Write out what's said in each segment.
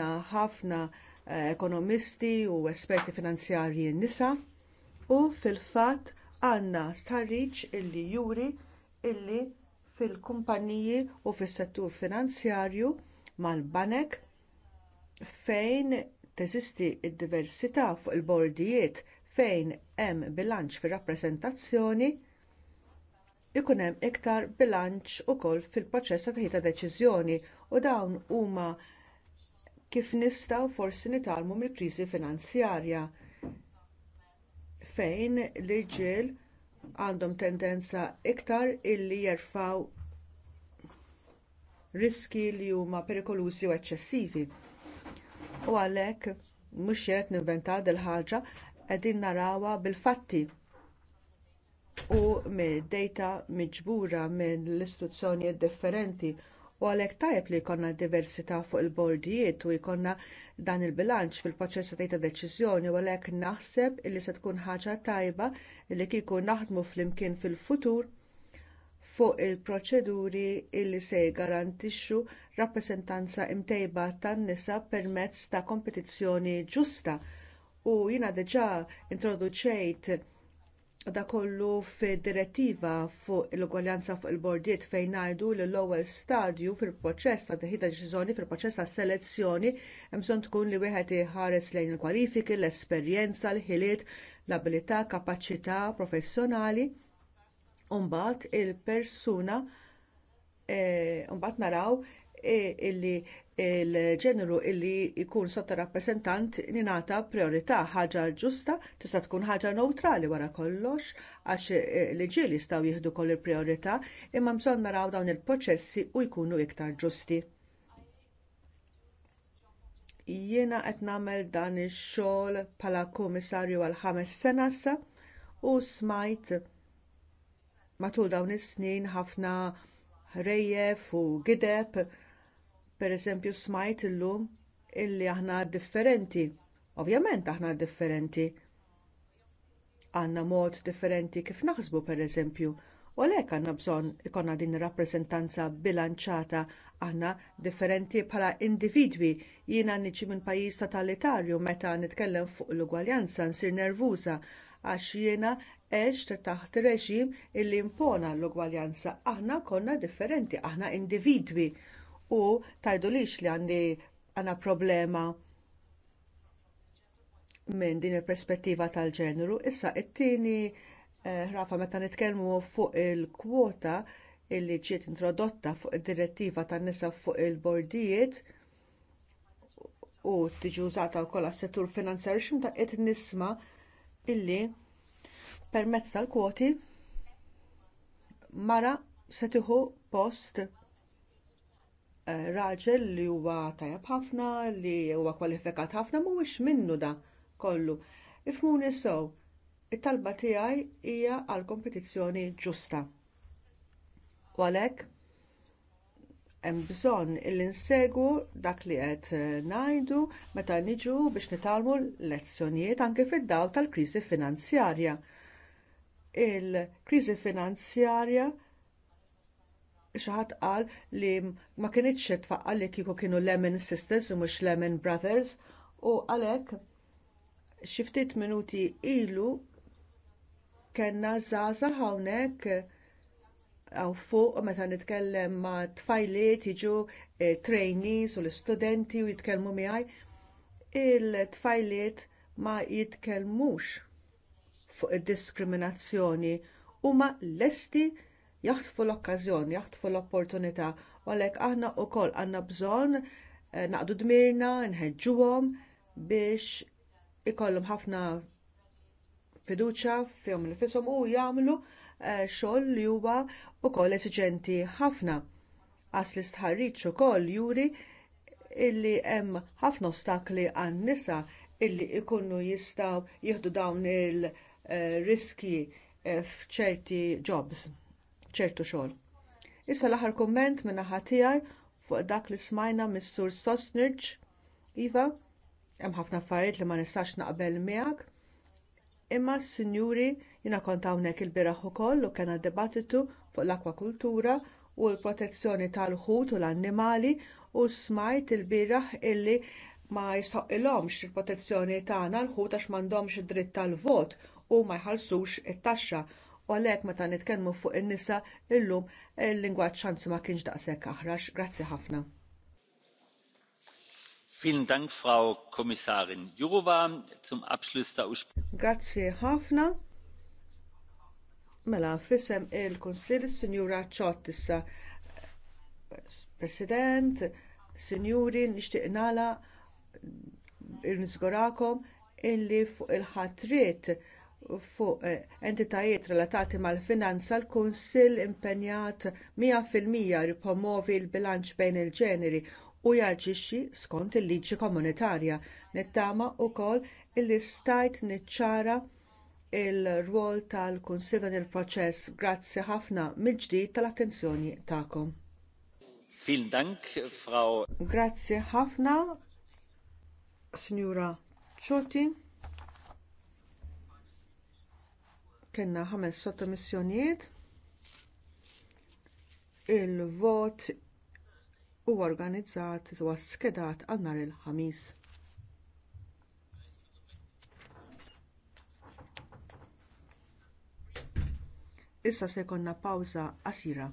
ħafna eh, ekonomisti u esperti finanzjarji nisa u fil-fatt għandna starriċ illi juri illi fil-kumpaniji u fis-settur finanzjarju mal-banek fejn teżisti d-diversità fuq il-bordijiet fejn hemm bilanċ fir-rappreżentazzjoni ikun hemm iktar bilanċ ukoll fil-proċess ta' ta' deċiżjoni u dawn huma kif nistgħu forsi nitgħallmu mill-kriżi finanzjarja fejn l-irġiel għandhom tendenza iktar illi jerfgħu riski li huma perikolużi u eċċessivi. U għalhekk mhux qed ninventa il ħaġa qegħdin narawha bil-fatti u mid-dejta miġbura mill istituzzjonijiet differenti u għalhekk tajjeb li jkollna diversità fuq il-bordijiet u jkollna dan il-bilanċ fil-proċess ta' deċiżjoni u għalhekk naħseb li se tkun ħaġa tajba li kieku naħdmu flimkien fil-futur fuq il-proċeduri li se jgarantixxu rappreżentanza imtejba tan-nisa permezz ta' kompetizzjoni ġusta u jiena diġà introduċejt da kollu fid-direttiva fuq l-ugwaljanza fuq il-bordiet fejn ngħidu li l-ewwel stadju fil-proċess ta' teħid deċiżjoni fil-proċess ta' selezzjoni hemm bżonn tkun li wieħed iħares lejn il-kwalifiki, l-esperjenza, l-ħiliet, l-abilità, kapaċità professjonali u mbagħad il-persuna eh, mbagħad naraw E illi il-ġeneru illi jkun sotta rappresentant ninata priorità ħaġa ġusta tista' tkun ħaġa neutrali wara kollox għax e, l-ġieli jistgħu jieħdu koll il-priorità imma bżonn naraw dawn il-proċessi u jkunu iktar ġusti. Jiena qed nagħmel dan ix-xogħol bħala kummissarju għal ħames sena sa u smajt matul dawn is-snin ħafna rejjef u gideb Pereżempju smajt illum illi aħna differenti. Ovvjament aħna differenti. Għandna mod differenti kif naħsbu pereżempju. U għalhekk għandna bżonn ikonna din ir rappreżentanza bilanċata aħna differenti bħala individwi. Jiena niġi minn pajjiż totalitarju meta nitkellem fuq l-ugwaljanza nsir nervuża għax jiena għext taħt reġim illi impona l-ugwaljanza. Aħna konna differenti, aħna individwi u tgħidulix li għandi għana problema minn din il-perspettiva tal-ġeneru. Issa t tieni ħrafa eh, meta nitkellmu fuq il-kwota illi ġiet introdotta fuq id-direttiva tan-nisa fuq il-bordijiet u tiġi użata wkoll s settur finanzjar x'imta qed nisma' illi permezz tal-kwoti mara se tieħu post Eh, raġel li huwa tajab ħafna, li huwa kwalifikat ħafna mhuwiex minnu da kollu. Ifmuni sew, it-talba tiegħi hija għal kompetizzjoni ġusta. U għalhekk hemm bżonn illi nsegwu dak li qed eh, ngħidu meta niġu biex nitalmu lezzjonijiet anke fid-dawl tal-kriżi finanzjarja. Il-kriżi finanzjarja xaħat qal li ma kinitx tfaqqa li kieku kienu Lemon Sisters u mhux Lemon Brothers u għalhekk xi ftit minuti ilu kellna żgħażagħ hawnhekk għaw fuq meta nitkellem ma' tfajliet jiġu e, trainees u l-istudenti u jitkellmu miegħi il-tfajliet ma jitkellmux fuq id-diskriminazzjoni huma lesti jaħtfu l-okkażjoni, jaħtfu l-opportunità u għalhekk aħna wkoll għandna bżonn eh, naqdu dmirna, nħeġġuhom biex ikollhom ħafna fiduċja fihom nifisom u jagħmlu eh, xogħol li huwa wkoll esiġenti ħafna. Għas li istħarriġ ukoll juri illi hemm ħafna ostakli għan nisa illi jkunu jistgħu jieħdu dawn il-riski eh, f'ċerti jobs ċertu xogħol. Issa l-aħħar kumment min-naħa tiegħi fuq dak li smajna mis-sur Sosnirġ, Iva, hemm ħafna affarijiet li ma nistax naqbel miegħek. Imma s-sinjuri jiena kont hawnhekk il-biraħ ukoll u kena dibattitu fuq l-akwakultura u l-protezzjoni tal-ħut u l-annimali u smajt il-biraħ illi ma jistħoqilhomx il-protezzjoni tagħna l-ħut għax m'għandhomx id-dritt tal-vot u ma jħallsux it-taxxa għalhekk meta nitkellmu fuq in-nisa illum il-lingwaġġ ċansi ma kienx daqshekk aħrax. Grazzi ħafna. Vielen Dank, Frau Kommissarin Jourova. Zum Abschluss der Grazie ħafna. Mela, fissem il-Konsil, Signora Ċottissa, President, Signori, nixtieq inala il-nizgorakom illi fuq il-ħatrit fuq eh, entitajiet relatati mal-finanza l-Kunsill impenjat 100% ripromovi l-bilanċ bejn il-ġeneri u jaġixxi skont il-liġi komunitarja. Nittama wkoll li stajt niċċara l rwol tal-Kunsill dan il-proċess. Grazzi ħafna mill-ġdid tal-attenzjoni tagħkom. Vielen Dank, Frau. Grazie ħafna, Signora Ciotti. Kenna ħames sottomissjonijiet. Il-vot huwa organizzat huwa skedat għal nhar il-ħamis. Issa se jkollna pawża qasira.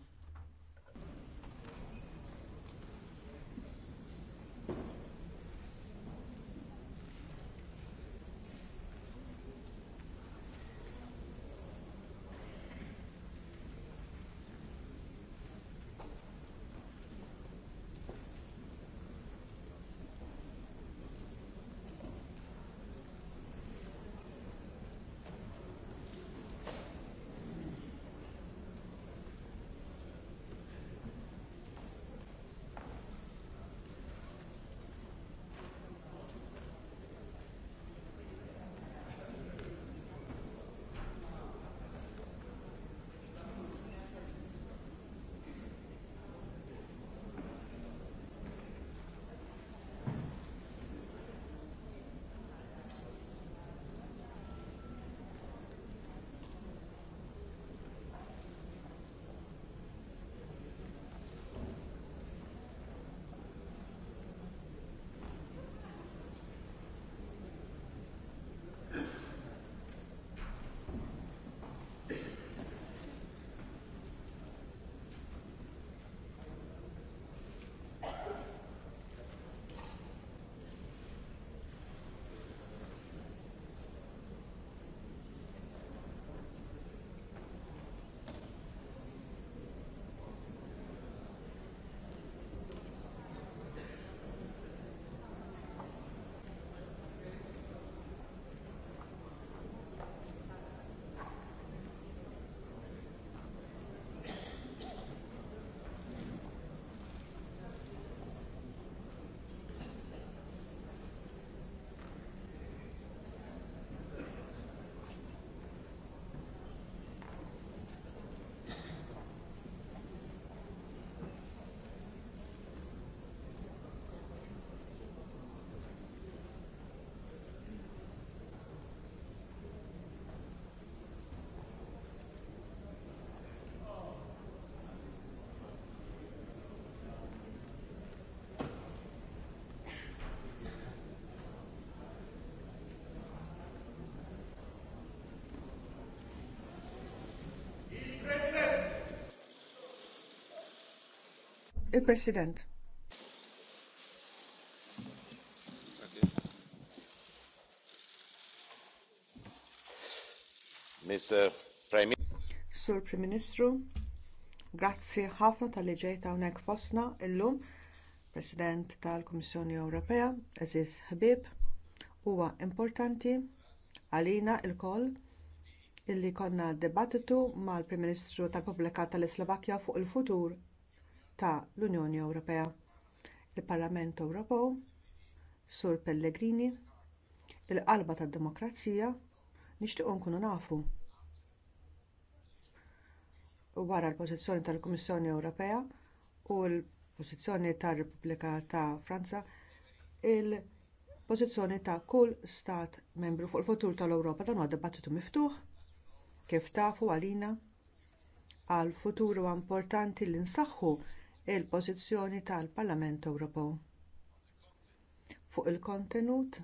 Il-President. Mr. Prime Sur Prim Ministru, grazzi ħafna tal liġej ġejta hawnhekk fosna illum, President tal-Kummissjoni Ewropea, Aziz Habib, huwa importanti għalina lkoll koll illi konna debattitu mal-Prim Ministru tal-Pubblika tal-Slovakkja fuq il-futur ta' l-Unjoni Ewropea. Il-Parlament Ewropew, Sur Pellegrini, il-qalba tad-demokrazija, nixtiequ nkunu nafu. Wara l-pożizzjoni tal-Kummissjoni Ewropea u l-pożizzjoni tar-Repubblika ta' Franza, il-pożizzjoni ta' kull stat membru fuq il-futur tal-Ewropa dan huwa dibattitu miftuħ kif tafu għalina għal futur huwa importanti li nsaħħu il-pożizzjoni tal-Parlament Ewropew fuq il-kontenut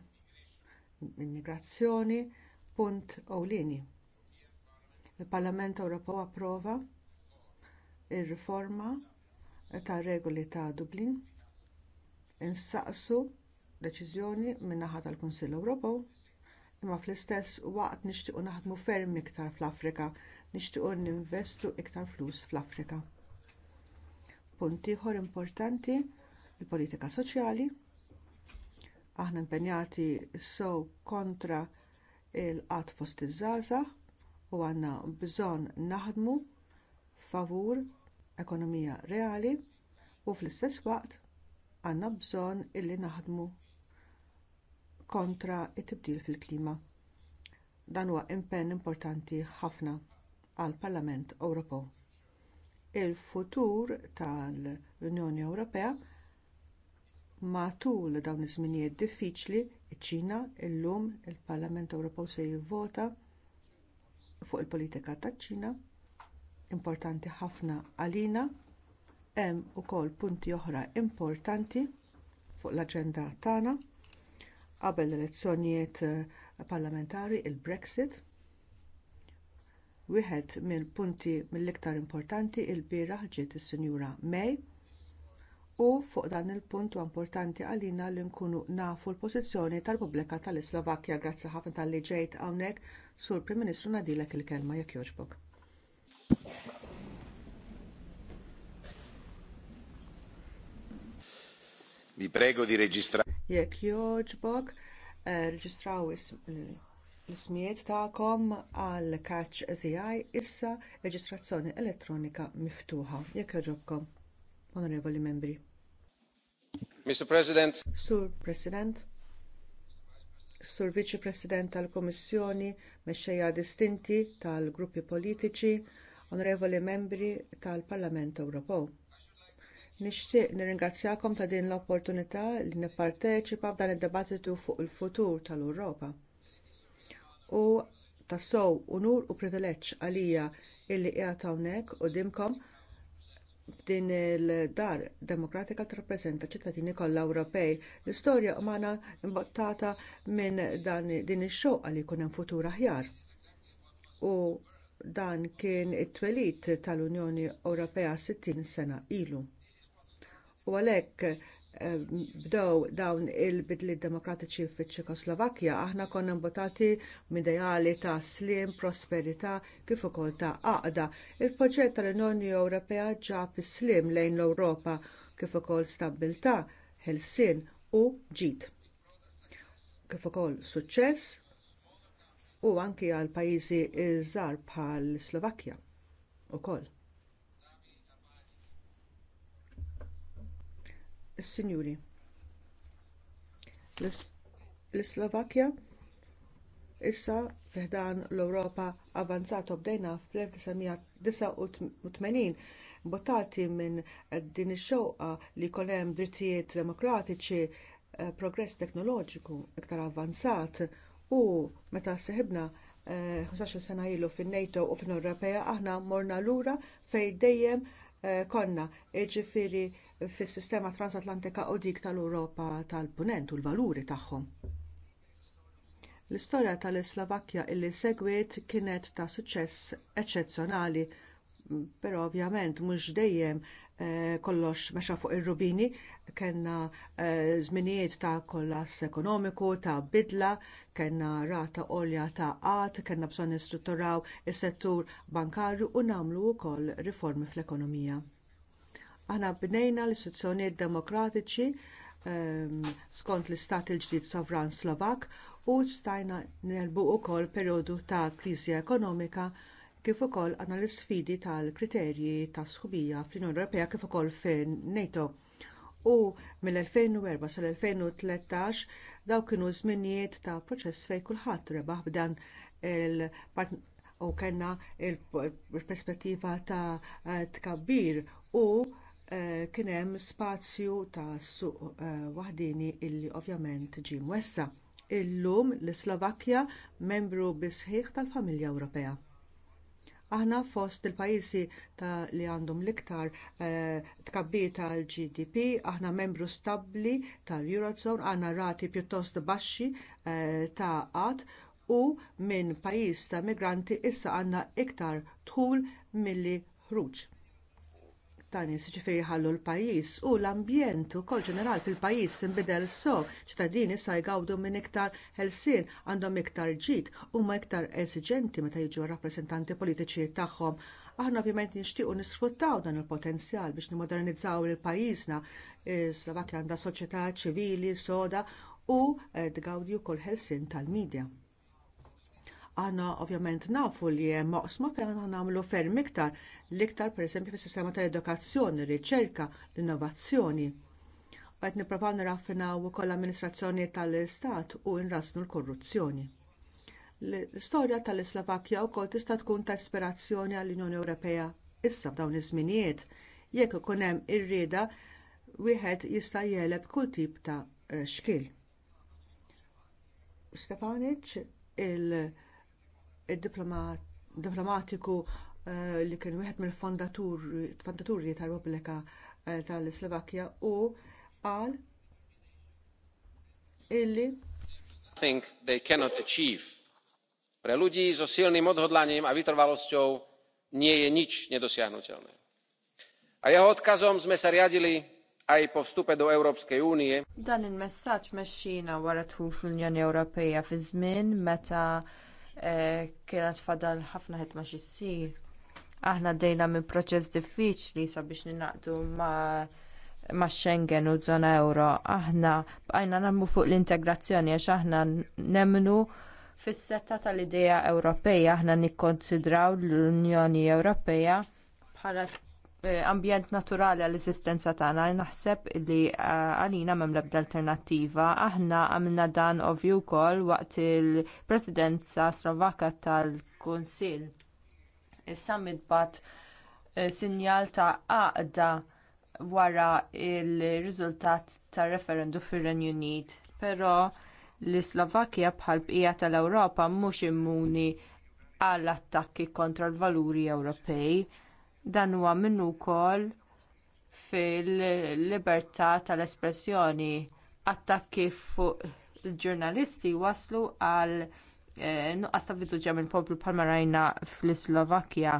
immigrazzjoni punt ewlieni. Il-Parlament Ewropew approva r riforma tar-regoli ta' Dublin insaqsu deċiżjoni min-naħa tal-Kunsill Ewropew imma fl-istess waqt nixtiequ naħdmu ferm iktar fl-Afrika, nixtiequ ninvestu iktar flus fl-Afrika. Punt ieħor importanti il-politika soċjali. Aħna impenjati sew kontra il-qatt fost iż-żgħażagħ u għandna bżonn naħdmu favur ekonomija reali u fl-istess waqt għandna bżonn illi naħdmu kontra it tibdil fil-klima. Dan huwa impenn importanti ħafna għall Parlament Ewropew il-futur tal-Unjoni Ewropea matul dawn iż-żminijiet diffiċli iċ-Ċina llum il-Parlament Ewropew se jivvota fuq il-politika taċ-Ċina importanti ħafna għalina hemm ukoll punti oħra importanti fuq l-aġenda tagħna qabel l-elezzjonijiet parlamentari il-Brexit Wieħed mill-punti mill-iktar importanti lbieraħ ġiet is-Sinjura May u fuq dan il-punt huwa importanti għalina li nkunu nafu l-pożizzjoni tal-Pubblika tal-Islovakkja grazzi ħafna talli ġejt hawnhekk sur Prim Ministru ngħidilek il-kelma jekk jogħġbok. Vi prego di registrare. Jekk jogħġbok, eh, reġistraw is l-ismijiet tagħkom għal Catch ZI issa reġistrazzjoni elettronika miftuħa. Jekk jogħġobkom, onorevoli membri. Mr. President. Sur President. Sur Viċi President tal kummissjoni mexxejja distinti tal-gruppi politiċi, onorevoli membri tal-Parlament Ewropew. Nixtieq nirringrazzjakom ta' din l-opportunità li nipparteċipa f'dan id-dibattitu fuq il-futur tal-Ewropa u tassow unur u privileġġ għalija illi qiegħed hawnhekk qudiemkom f'din il-dar demokratika tirrappreżenta ċittadini kollha Ewropej. L-istorja umana imbottata minn din ix-xewqa li jkun hemm futur aħjar. U dan kien it-twelid tal-Unjoni Ewropea 60 sena ilu. U għalhekk bdew dawn il-bidli demokratiċi fiċ-Ċekoslovakkja aħna konna mbotati m'ideali ta' slim, prosperità kif ukoll ta' għaqda. Il-proġett tal-Unjoni Ewropea ġab slim lejn l-Ewropa kif ukoll stabbiltà, ħelsien u ġid. Kif ukoll suċċess u anki għal pajjiżi żgħar bħal Slovakkja ukoll. Sinjuri. l-Slovakkja issa fiħdan l-Ewropa avanzata bdejna fl-1989 bottati minn din ix-xewqa li jkun hemm drittijiet demokratiċi, eh, progress teknoloġiku iktar avanzat, u meta seħibna 15 eh, sena ilu fin-NATO u fin-Ewropea aħna morna lura fejn dejjem eh, konna, jiġifieri fis-sistema transatlantika u dik tal-Ewropa tal-Punent u l-valuri tagħhom. L-istorja tal-Slovakkja illi segwiet kienet ta' suċċess eċċezzjonali, però ovvjament mhux dejjem eh, kollox mexa fuq ir-rubini, kellna eh, żminijiet ta' kollass ekonomiku, ta' bidla, kellna rata għolja ta' qatt, kellna bżonn nistrutturaw is-settur bankarju u nagħmlu wkoll riformi fl-ekonomija Aħna bnejna l-istituzzjonijiet demokratiċi ehm, skont l-istat il-ġdid sovran Slovak u stajna nelbu wkoll perjodu ta' kriżi ekonomika kif ukoll għandna l-isfidi tal-kriterji ta' sħubija fl-Unjoni Ewropea kif ukoll fejn NATO. U mill-2004 sal-2013 daw kienu żminijiet ta' proċess fejn kulħadd rebaħ b'dan il u kellna l perspettiva ta' tkabbir u Eh, kien hemm spazju ta' suq eh, waħdini illi ovvjament ġie mwessa. Illum l-Slovakkja membru bisħiħ tal-familja Ewropea. Aħna fost il-pajjiżi li għandhom l-iktar eh, tkabbiet tal-GDP, aħna membru stabbli tal-Eurozone, għandna rati pjuttost baxxi ta' qatt u minn pajjiż ta' migranti issa għandna iktar dħul milli ħruġ ta' nies ġifieri jħallu l-pajjiż u l-ambjent ukoll ġeneral fil-pajjiż inbidel so ċittadini sa jgawdu minn iktar ħelsien għandhom iktar ġid huma iktar eżiġenti meta jiġu rappreżentanti politiċi tagħhom. Aħna ovvjament nixtiequ nisfruttaw dan il-potenzjal biex nimodernizzaw il-pajjiżna. Eh, Slovakkja għandha soċjetà ċivili soda u eh, tgawdi wkoll ħelsien tal-medja. Għana ovvjament nafu li hemm maqsma fejn għana nagħmlu ferm iktar, l-iktar pereżempju fis-sistema tal-edukazzjoni, riċerka, l-innovazzjoni. Qed nipprovaw niraffinaw l amministrazzjoni tal-Istat u nrasnu l-korruzzjoni. L-istorja tal u wkoll tista' tkun ta' ispirazzjoni għall-Unjoni Ewropea issa f'dawn iż-żminijiet jekk ikun hemm ir-rieda wieħed jista' jeleb kull tip ta' eh, xkil. Stefanic il- il diplomatiku eh, li kien wieħed mill-fondaturi tal-Repubblika eh, tal-Slovakkja u qal illi think they cannot achieve. Pre ludzi so silným odhodlaniem a vytrvalosťou nie je nič nedosiahnutelné. A jeho odkazom sme sa riadili aj po vstupe do Európskej únie. Dan il messaċ meċċina wara tħuf l-Unjoni Ewropeja fi żmien meta Eh, kienet fadal ħafna ħedma xissir. Aħna dejna minn proċess diffiċli sabiex ninaqdu ma' ma' Schengen u żona euro. Aħna bqajna nagħmlu fuq l-integrazzjoni għax aħna nemnu fis-setta tal-idea Ewropeja aħna nikkonsidraw l-Unjoni Ewropea bħala Eh, ambjent naturali għall eżistenza tagħna naħseb li eh, għalina m'hemm l-ebda alternattiva. Aħna għamilna dan ovvju wkoll waqt il-Presidenza Slovakka tal-Kunsill. Is-summit bat eh, sinjal ta' għaqda wara r-riżultat tar referendum fir-Renju Unit, però l-Slovakkja bħal bqija tal-Ewropa mhux immuni għall attakki kontra l-valuri Ewropej Dan huwa minnu wkoll fil-libertà tal-espressjoni attakki fuq il-ġurnalisti waslu għal eh, nuqqas ta' fiduċja mill poplu bħalma rajna fl-Slovakkja.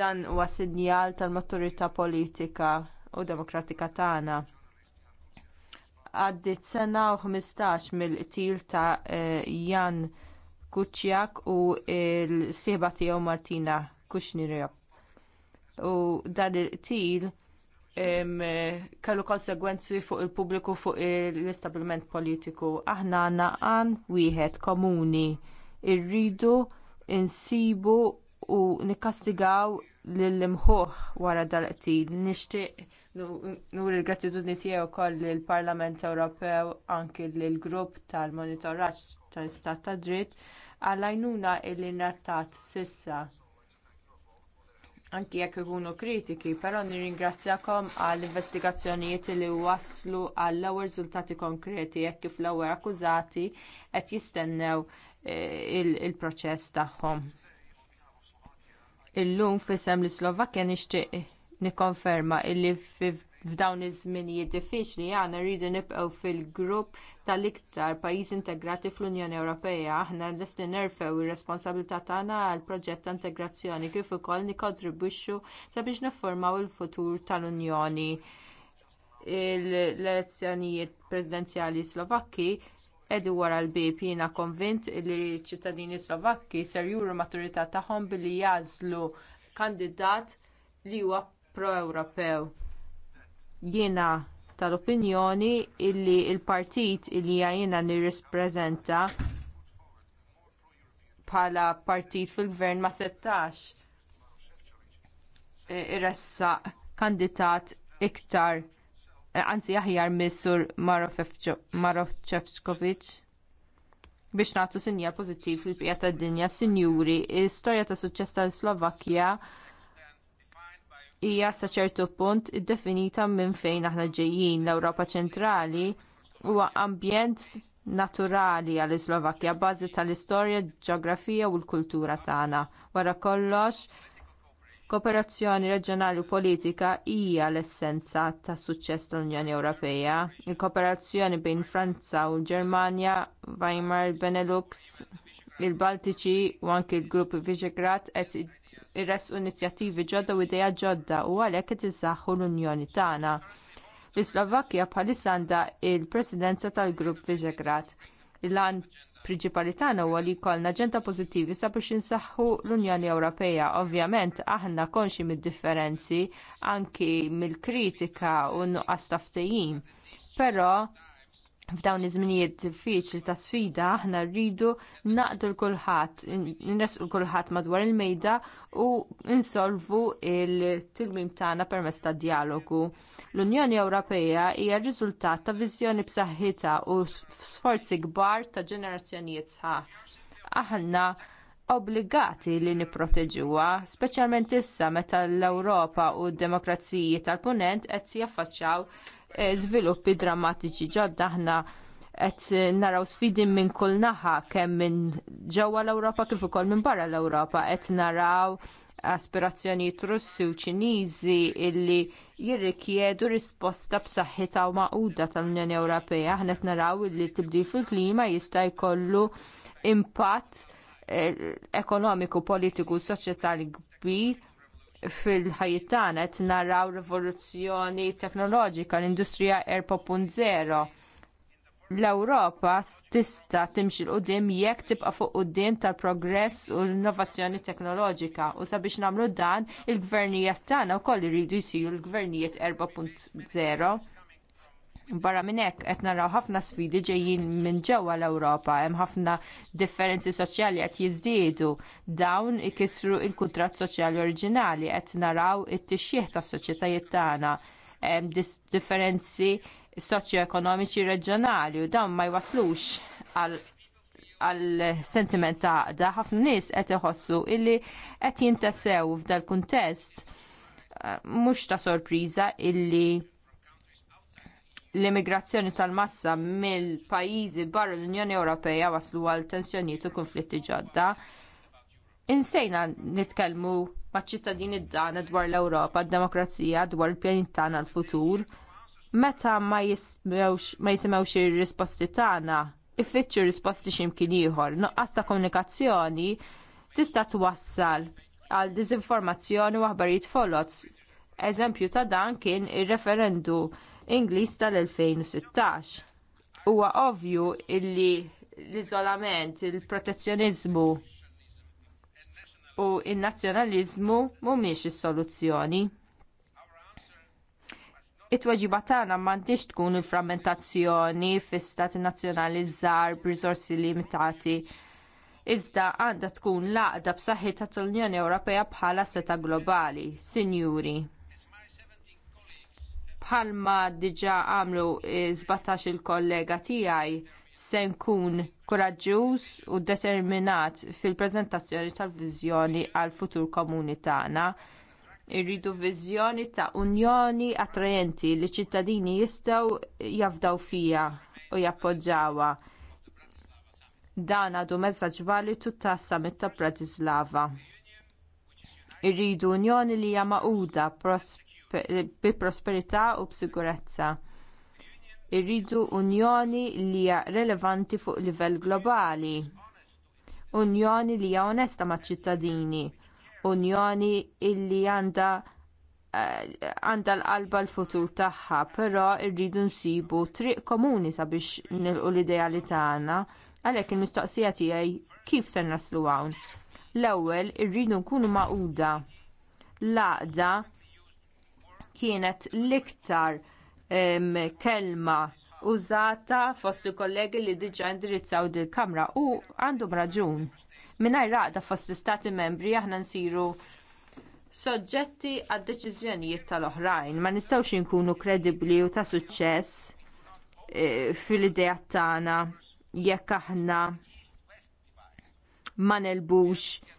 Dan huwa sinjal tal-maturità politika u demokratika tagħna. Għaddiet sena u 15 mill-qtil ta' eh, Jan Kuċjak u l sieba tiegħu Martina Kuxnirjok u dan il-qtil kellu konsegwenzi fuq il-pubbliku fuq l-istabilment politiku. Aħna għandna għan wieħed komuni irridu insibu u nikkastigaw lill imħuh wara dal-qtil. Nixtieq nur il-gratitudni tiegħu wkoll lill-Parlament Ewropew anki lill-grupp tal-monitoraġġ tal-Istat ta' Dritt għal għajnuna li nrattat sissa anki jekk ikunu kritiki, però nirringrazzjakom għall investigazzjonijiet li waslu għall ewwel riżultati konkreti jekk kif l-ewwel akkużati qed jistennew eh, il-proċess tagħhom. Illum f'isem l-Slovakkja nixtieq nikkonferma li fi f'dawn iż-żminijiet diffiċli aħna rridu nibqgħu fil-grupp tal-iktar pajjiżi integrati fl-Unjoni Ewropea aħna lesti nerfgħu ir-responsabbiltà tagħna għall proġett ta' integrazzjoni kif ukoll nikkontribwixxu sabiex niffurmaw il-futur tal-Unjoni. L-elezzjonijiet presidenzjali Slovakki edu wara l-bib jiena konvint li ċ ċittadini Slovakki ser juru maturità tagħhom billi jażlu kandidat li huwa pro-Ewropew. Jiena tal-opinjoni li l partit li jiena nirrispreżenta bħala partit fil-gvern ma setax eh, irressaq kandidat iktar eh, anzi aħjar missur Marof Cefcovic biex nagħtu sinjal pożittiv fil-bqija tad-dinja, sinjuri, l-istorja ta' suċċess tal-Slovakkja hija sa ċertu punt iddefinita minn fejn aħna ġejjin l-Ewropa ċentrali huwa ambjent naturali għall islovakkja bażi tal-istorja, ġeografija u l-kultura tagħna. Wara kollox, kooperazzjoni reġjonali u politika hija l-essenza tas suċċess tal-Unjoni Ewropea. Il-kooperazzjoni bejn Franza u l-Ġermanja, Weimar, Benelux, il-Baltiċi u anki l-Grupp Visegrad qed irresqu inizjattivi ġodda u idea ġodda u għalhekk qed isaħħu l-Unjoni tagħna. L-Islovakkja bħalissa għandha l presidenza tal-Grupp Viżegrad. Il-għan prinċipali tagħna huwa li jkollna aġenda pożittivi sabiex insaħħu l-Unjoni Ewropea. Ovvjament aħna konxi mid-differenzi anki mill-kritika u nuqqas taftejjin. Però f'dawn iż-żminijiet diffiċli ta' sfida aħna rridu naqdu l-kulħadd, nresqu l-kulħadd madwar il-mejda u insolvu il tilmim tagħna permezz ta' dialogu. L-Unjoni Ewropea hija r-riżultat ta' viżjoni b'saħħitha u sforzi kbar ta' ġenerazzjonijiet sħaħ. Aħna obbligati li nipproteġuha, speċjalment issa meta l-Ewropa u d-demokraziji tal-punent qed jaffaċċjaw Eh, żviluppi drammatiċi ġodda aħna qed naraw sfidi minn kull naħa kemm minn ġewwa l-Ewropa kif ukoll minn barra l-Ewropa qed naraw aspirazzjonijiet Russi u Ċiniżi illi jirrikjedu risposta b'saħħitha u maquda tal-Unjoni Ewropea. Aħna qed naraw illi tibdil fil-klima jista' jkollu impatt eh, ekonomiku, politiku u soċjetali kbir fil ħajja tagħna qed naraw rivoluzzjoni teknoloġika l-industrija 4.0. L-Ewropa tista' timxi l qudiem jekk tibqa' fuq quddiem tal-progress u l-innovazzjoni teknoloġika u sabiex nagħmlu dan il-gvernijiet tagħna wkoll iridu jsiru l-gvernijiet 4.0 barra minn hekk qed naraw ħafna sfidi ġejjin minn ġewwa l-Ewropa, hemm ħafna differenzi soċjali qed jiżdiedu. Dawn ikissru l-kuntratt soċjali oriġinali qed naraw it-tixjih tas-soċjetajiet tagħna. Hemm differenzi soċjoekonomiċi reġjonali u dawn ma jwaslux għal għal sentiment ta' għaqda, ħafna nies qed iħossu illi qed jintassew f'dal kuntest eh, mhux ta' sorpriża illi l-immigrazzjoni tal-massa mill-pajjiżi barra l-Unjoni Ewropea waslu għal tensjonijiet u konflitti ġodda. Insejna nitkellmu maċ-ċittadini d-dan dwar l-Ewropa, d-demokrazija, dwar il-pjanit tagħna l-futur. Meta ma jisimgħux ir-risposti tagħna, ifittxu risposti x'imkien ieħor. Nuqqas ta' komunikazzjoni tista' twassal għal diżinformazzjoni u aħbarijiet folot. Eżempju ta' dan kien ir-referendu Ingliż tal-2016. Huwa ovvju illi l-iżolament, il-protezzjonizmu u n nazzjonaliżmu mhumiex is-soluzzjoni. It-tweġiba tagħna m'għandix tkun il-frammentazzjoni fi-stati nazzjonali żgħar b'riżorsi limitati. Iżda għandha tkun l-għaqda b'saħħitha tal-Unjoni Ewropea bħala seta' globali, sinjuri bħalma diġà għamlu 17 il-kollega tiegħi se nkun koraġġjuż u determinat fil-preżentazzjoni tal-viżjoni għall futur komuni tagħna. Irridu viżjoni ta' unjoni attrajenti li ċittadini jistgħu jafdaw fiha u jappoġġawha. Dan għadu messaġġ valitu tas summit ta' Bratislava. Irridu unjoni li hija maquda prosper bi prosperità u b'sigurezza. Irridu unjoni li hija relevanti fuq livell globali. Unjoni li hija onesta maċ-ċittadini. Unjoni li għandha eh, għandha l-qalba l-futur tagħha, però rridu nsibu triq komuni sabiex nilqu l-ideali tagħna. Għalhekk il-mistoqsija tiegħi kif se naslu hawn. L-ewwel irridu nkunu maquda l-għaqda kienet l-iktar kelma użata fost il-kollegi li diġà indirizzaw il kamra u għandhom raġun. Mingħajr għaqda fost l-istati membri aħna nsiru soġġetti għad deċiżjonijiet tal-oħrajn, ma nistgħux inkunu kredibbli u ta' suċċess e, fil-idea tagħna jekk aħna ma nelbux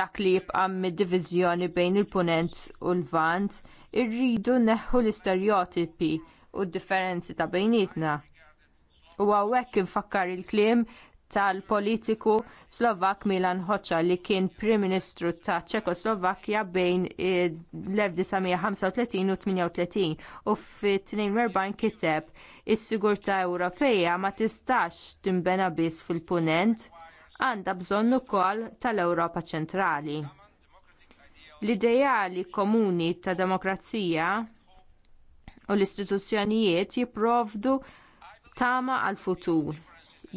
dak li jibqa' mid-diviżjoni bejn il-punent u l-vant, irridu neħħu l-istereotipi u d-differenzi ta' bejnietna. U hawnhekk infakkar il-kliem tal-politiku Slovak Milan Hoxha li kien Prim Ministru ta' Ċekoslovakkja bejn l-1935 u 38 u fi 42 kiteb is-sigurtà Ewropea ma tistax timbena biss fil-punent għandha bżonn ukoll tal-Ewropa ċentrali. L-ideali komuni ta' demokrazija u l-istituzzjonijiet jipprovdu tama għall futur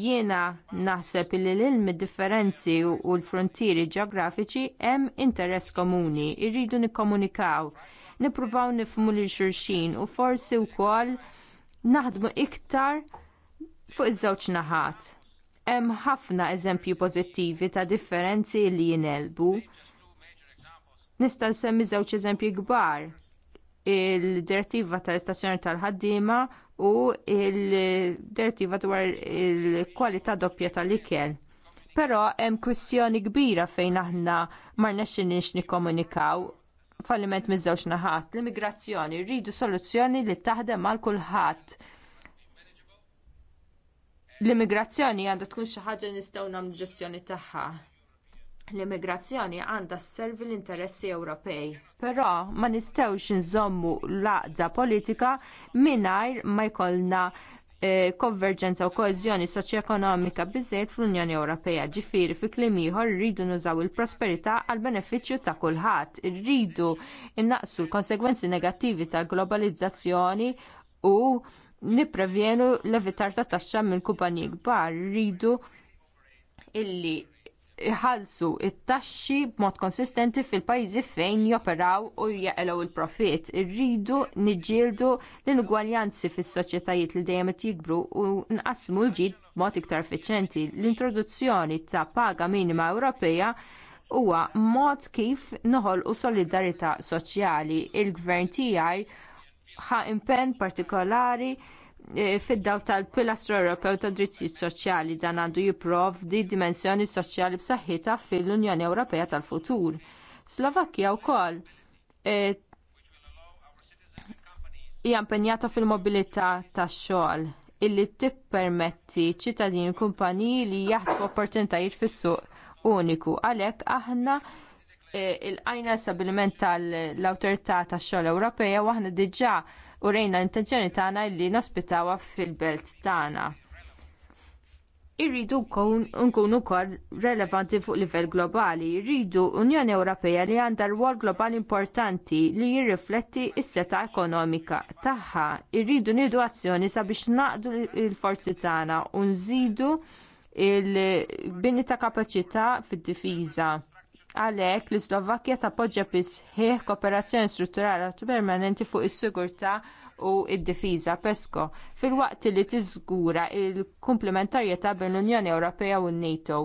Jiena naħseb li l-ilm differenzi u l-frontieri ġeografiċi hemm interess komuni, irridu nikkomunikaw, nippruvaw nifhmu lil xulxin u forsi wkoll naħdmu iktar fuq iż-żewġ naħat. Hemm ħafna eżempji pożittivi ta' differenzi li jinelbu Nista' nsemmi żewġ eżempji kbar il-direttiva tal istazzjoni tal-ħaddiema u l direttiva dwar il-kwalità doppja tal-ikel. Però hemm kwistjoni kbira fejn aħna ma rnexxinix nikkomunikaw falliment miż-żewġ naħat l-immigrazzjoni rridu soluzzjoni li taħdem għal kulħadd. L-immigrazzjoni għandha tkun xi ħaġa nistgħu nagħmlu ġestjoni tagħha l-immigrazzjoni għandha sservi l-interessi Ewropej. Però ma nistgħux nżommu l-għaqda politika mingħajr ma jkollna eh, konverġenza u koeżjoni soċjoekonomika biżżejjed fl-Unjoni Ewropea. Ġifieri fi kliem ieħor rridu nużaw il-prosperità għal benefiċċju ta' kulħadd. Irridu innaqsu l-konsegwenzi negattivi tal-globalizzazzjoni u nipprevenu l-evitar ta' taxxa minn kumpanji kbar. Rridu illi iħallsu it-taxxi b'mod konsistenti fil-pajjiżi fejn joperaw u jaqelgħu l profit Irridu niġġieldu l-inugwaljanzi fis-soċjetajiet li dejjem qed jikbru u nqassmu l-ġid b'mod iktar effiċjenti. L-introduzzjoni ta' paga minima Ewropea huwa mod kif noħolqu solidarità soċjali. Il-gvern tiegħi ħa impenn partikolari Eh, fid-daw tal-pilastru Ewropew tad drittijiet soċjali dan għandu jipprovdi dimensjoni soċjali b'saħħitha fil-Unjoni Ewropea tal-futur. Slovakkja wkoll eh, hija impenjata fil-mobilità tax-xogħol illi tippermetti ċittadini kumpaniji li jaħdmu opportunitajiet fis-suq uniku. Għalhekk aħna eh, il-qajna stabiliment tal-Awtorità tax-xogħol Ewropea u aħna diġà u rejna l-intenzjoni tagħna li nospitawha fil-belt tagħna. Irridu nkunu wkoll relevanti fuq livell globali, irridu Unjoni Ewropea li għandha rwol globali importanti li jirrifletti s-seta ekonomika tagħha. Irridu nieħdu azzjoni sabiex naqdu l-forzi tagħna u nżidu l bini ta' kapaċità fid-difiża Għalhekk l-Slovakkja tappoġġja bisħieħ kooperazzjoni strutturali permanenti fuq is-sigurtà u d-difiża PESCO filwaqt li tiżgura l-komplementarjetà bejn l-Unjoni Ewropea u n-NATO.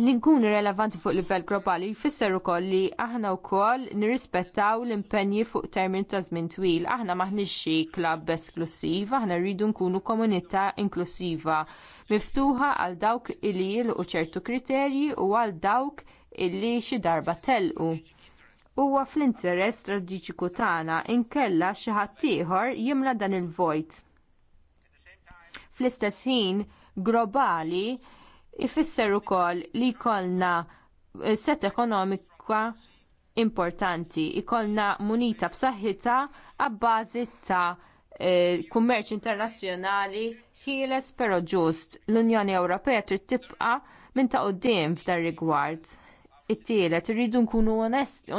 Li nkunu relevanti fuq livell globali jfisser ukoll li aħna wkoll nirrispettaw l-impenji fuq termin ta' żmien twil. Aħna maħniex xi klabb esklusiv, aħna rridu nkunu komunità inklusiva, miftuħa għal dawk ilil u ċertu kriterji u għal dawk illi xi darba telqu. Huwa fl-interess strateġiku tagħna inkella xi ħadd ieħor jimla dan il-vojt. Fl-istess ħin globali ifisser ukoll li jkollna eh, set ekonomika importanti, jkollna munita b'saħħitha għabbażi ta' eh, kummerċ internazzjonali ħieles però ġust. L-Unjoni Ewropea trid tibqa' minn ta' quddiem f'dan rigward. It-tielet, irridu nkunu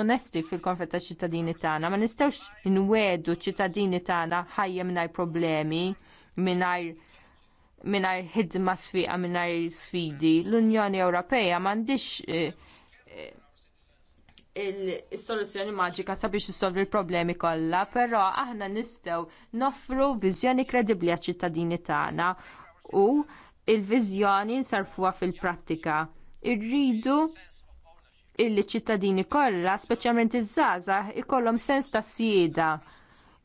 onesti fil-konfet ta' ċittadini tagħna, ma nistgħux nwedu ċittadini tagħna ħajja mingħajr problemi, mingħajr mingħajr ħidma sfiqa mingħajr sfidi. L-Unjoni Ewropea m'għandix eh, il-soluzzjoni maġika sabiex issolvi l-problemi kollha, però aħna nistgħu noffru viżjoni kredibbli għaċ-ċittadini tagħna u l viżjoni nsarfuha fil-prattika. Irridu il-ċittadini kollha, speċjalment iż-żgħażagħ, ikollhom sens ta' sjieda.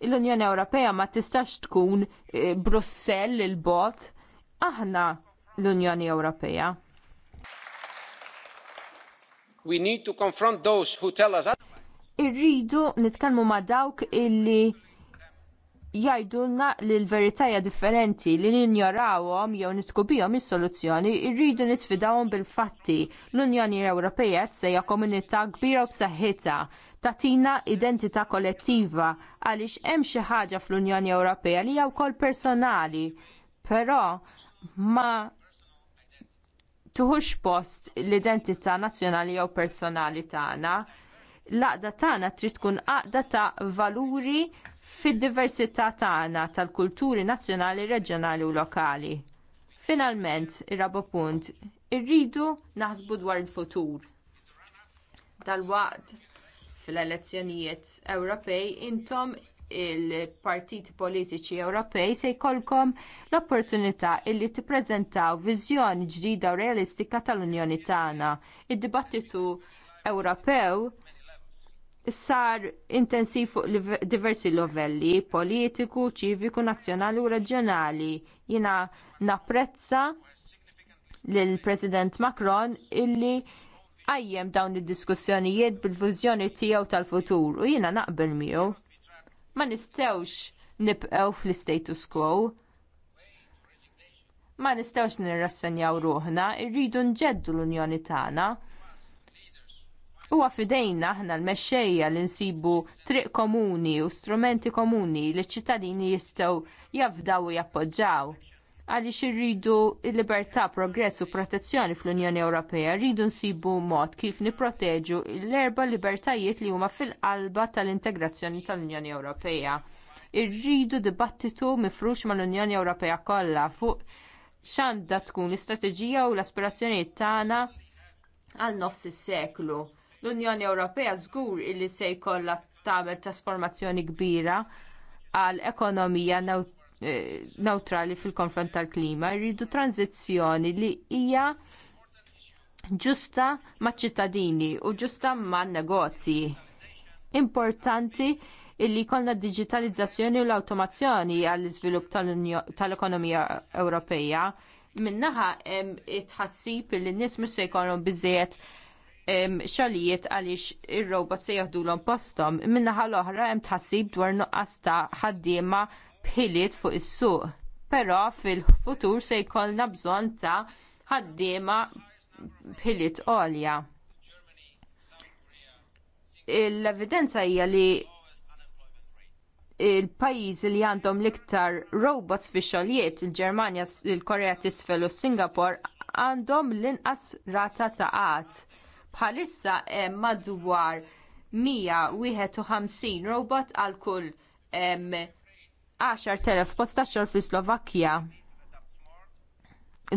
L-Unjoni Ewropea ma tistax tkun eh, Brussell il bogħod aħna l-Unjoni Ewropea. We need to confront those who tell us Irridu nitkellmu ma' dawk illi jgħidulna li l-veritajja differenti li ninjorawhom jew nitkubihom is-soluzzjoni rridu nisfidawhom bil-fatti. L-Unjoni Ewropea sejja komunità kbira u b'saħħitha tagħtina identità kollettiva għaliex hemm xi ħaġa fl-Unjoni Ewropea li hija wkoll personali. Però ma tuħux post l-identità nazzjonali jew personali tagħna l-għaqda tagħna trid tkun għaqda ta' valuri fid-diversità tagħna tal-kulturi nazzjonali, reġjonali u lokali. Finalment, ir-raba punt, irridu naħsbu dwar il-futur. Dalwaqt fl elezzjonijiet Ewropej intom il-partiti politiċi Ewropej se jkollkom l-opportunità illi tippreżentaw viżjoni ġdida u realistika tal-Unjoni tagħna. Id-dibattitu Ewropew sar intensiv fuq diversi livelli politiku, ċiviku, nazzjonali u reġjonali. Jiena napprezza lill president Macron illi għajjem dawn id-diskussjonijiet bil-viżjoni tiegħu tal-futur u jiena naqbel miegħu. Ma nistgħux nibqgħu fl-status quo ma nistgħux nirrassenjaw ruħna, irridu nġeddu l-unjoni tagħna. Huwa fidejna aħna l-mexxejja li nsibu triq komuni u strumenti komuni li ċ-ċittadini jistgħu jafdaw u jappoġġaw. Għaliex irridu l-libertà, progress u protezzjoni fl-Unjoni Ewropea, rridu nsibu mod kif nipproteġu l-erba libertajiet li huma fil-qalba tal-integrazzjoni tal-Unjoni Ewropea. Irridu dibattitu mifrux mal-Unjoni Ewropea kollha fuq x'għandha tkun l-istrateġija u l-aspirazzjonijiet tagħna għal nofs is-seklu L-Unjoni Ewropea żgur illi se jkollha tagħmel trasformazzjoni kbira għal ekonomija eh, neutrali fil-konfront tal-klima, jridu tranzizzjoni li hija ġusta maċ ċittadini u ġusta man negozji. Importanti illi jkollna d digitalizzazzjoni u l-automazzjoni għall iżvilupp tal-ekonomija Ewropea. Min-naħa hemm it-ħassib li n-nies mhux se jkollhom biżżejjed xogħlijiet għaliex ir-robot se jaħdulhom posthom. Min-naħa l-oħra hemm tħassib dwar nuqqas ta' ħaddiema bħiliet fuq is-suq. Però fil-futur se jkollna bżonn ta' ħaddiema bħiliet għolja. L-evidenza hija li il-pajjiżi li għandhom l-iktar robots fi xogħlijiet il-Ġermanja, il-Korea t'isfel u s Singapore għandhom l-inqas rata ta' qatt bħalissa hemm madwar 151 robot għal kull 10,000 post xogħol fi Slovakkja.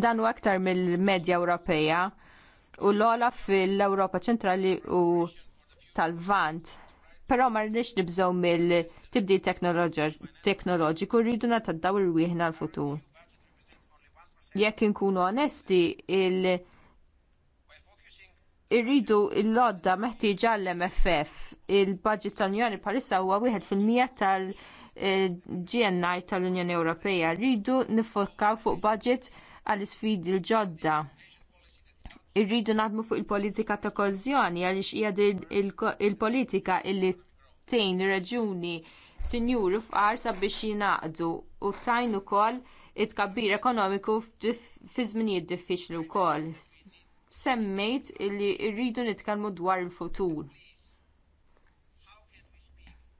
Dan huwa aktar mill-medja Ewropea u l-ola fil-Ewropa ċentrali u tal-Vant. Però ma rridx nibżgħu mill-tibdil teknoloġiku rridu nagħtadaw irwieħna l-futur. Jekk inkunu onesti, il- irridu l-lodda meħtieġa l-MFF. Il-budget tal-Unjoni bħalissa huwa wieħed fil-mija tal-GNI tal-Unjoni Ewropea. Rridu nifokaw fuq budget għall isfidi l-ġodda. Irridu naħdmu fuq il-politika ta' kożjoni għaliex hija il-politika illi tejn reġuni sinjuri fqar sabiex jingħaqdu u tajn ukoll it-kabbir ekonomiku fi żminijiet diffiċli wkoll semmejt li rridu nitkellmu dwar il-futur.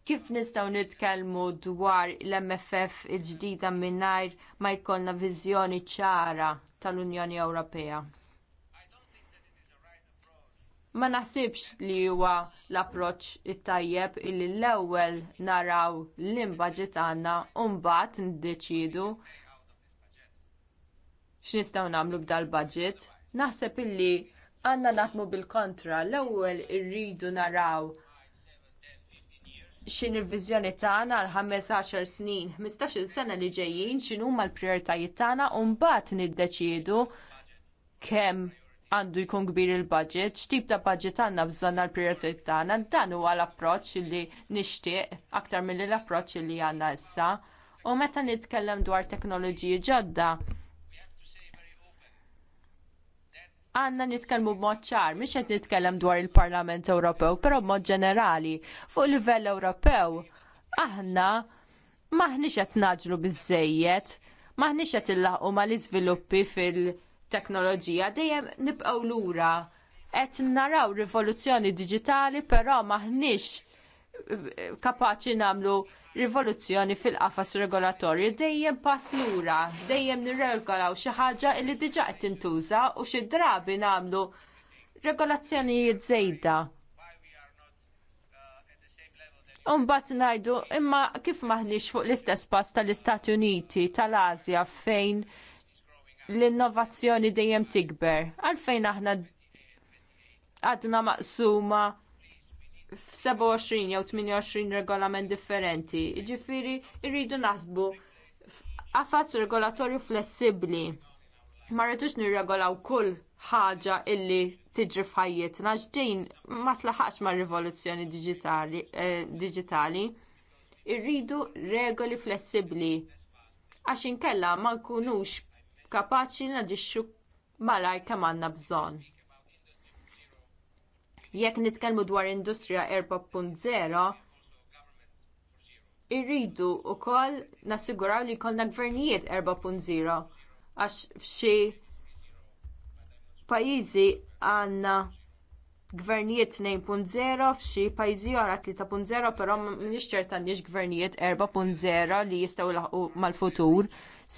Kif nistgħu nitkellmu dwar l-MFF il-ġdida mingħajr ma jkollna viżjoni ċara tal-Unjoni Ewropea? ma naħsibx li huwa l-approċċ it-tajjeb illi l-ewwel naraw l-imbaġit għandna u mbagħad niddeċiedu x'nistgħu nagħmlu b'dal-baġit. Naħseb illi għandna naħdmu bil-kontra, l-ewwel irridu naraw xin il-vizjoni tagħna għal 15 snin, 15-il sena li ġejjin x'inhu huma l-prijoritajiet tagħna u mbagħad niddeċiedu kemm għandu jkun kbir il-budget, x'tip ta' budget għandna bżonn għall prijoritajiet tagħna, dan huwa l-approċċ li nixtieq aktar milli l-approċċ li għandna issa. U meta nitkellem dwar teknoloġiji ġodda, għanna nitkellmu b'mod ċar, mhux qed nitkellem dwar il-Parlament Ewropew, però b'mod ġenerali, fuq livell Ewropew, aħna maħniex qed naġlu biżejjed, maħniex qed illaqgħu mal-iżviluppi fil-teknoloġija, dejjem nibqgħu lura qed naraw rivoluzzjoni diġitali, però maħniex eh, kapaċi nagħmlu rivoluzzjoni fil-qafas regolatorju dejjem pass lura, dejjem nirregolaw xi ħaġa li diġà qed tintuża u xi drabi nagħmlu regolazzjonijiet żejda. U mbagħad ngħidu imma kif maħniex fuq l-istess pass tal-Istati Uniti, tal-Asja fejn l-innovazzjoni dejjem tikber. Għalfejn aħna għadna maqsuma f-27 jew 28 regolament differenti. Jiġifieri rridu naħsbu qafas regolatorju flessibbli. Ma rridux nirregolaw kull ħaġa illi tiġri f'ħajjitna ġdejn ma tlaħaqx mar-rivoluzzjoni eh, diġitali. Irridu regoli flessibbli għax inkella ma nkunux kapaċi naġixxu malajr kemm għandna bżonn. Jekk nitkellmu dwar industrija 4.0, irridu wkoll nassiguraw li jkollna gvernijiet 4.0 għax f'xi pajjiżi għandna gvernijiet 2.0 f'xi pajjiżi oħra 3.0 però m'iniex ċerta għandix gvernijiet 4.0 li jistgħu laħqu mal-futur.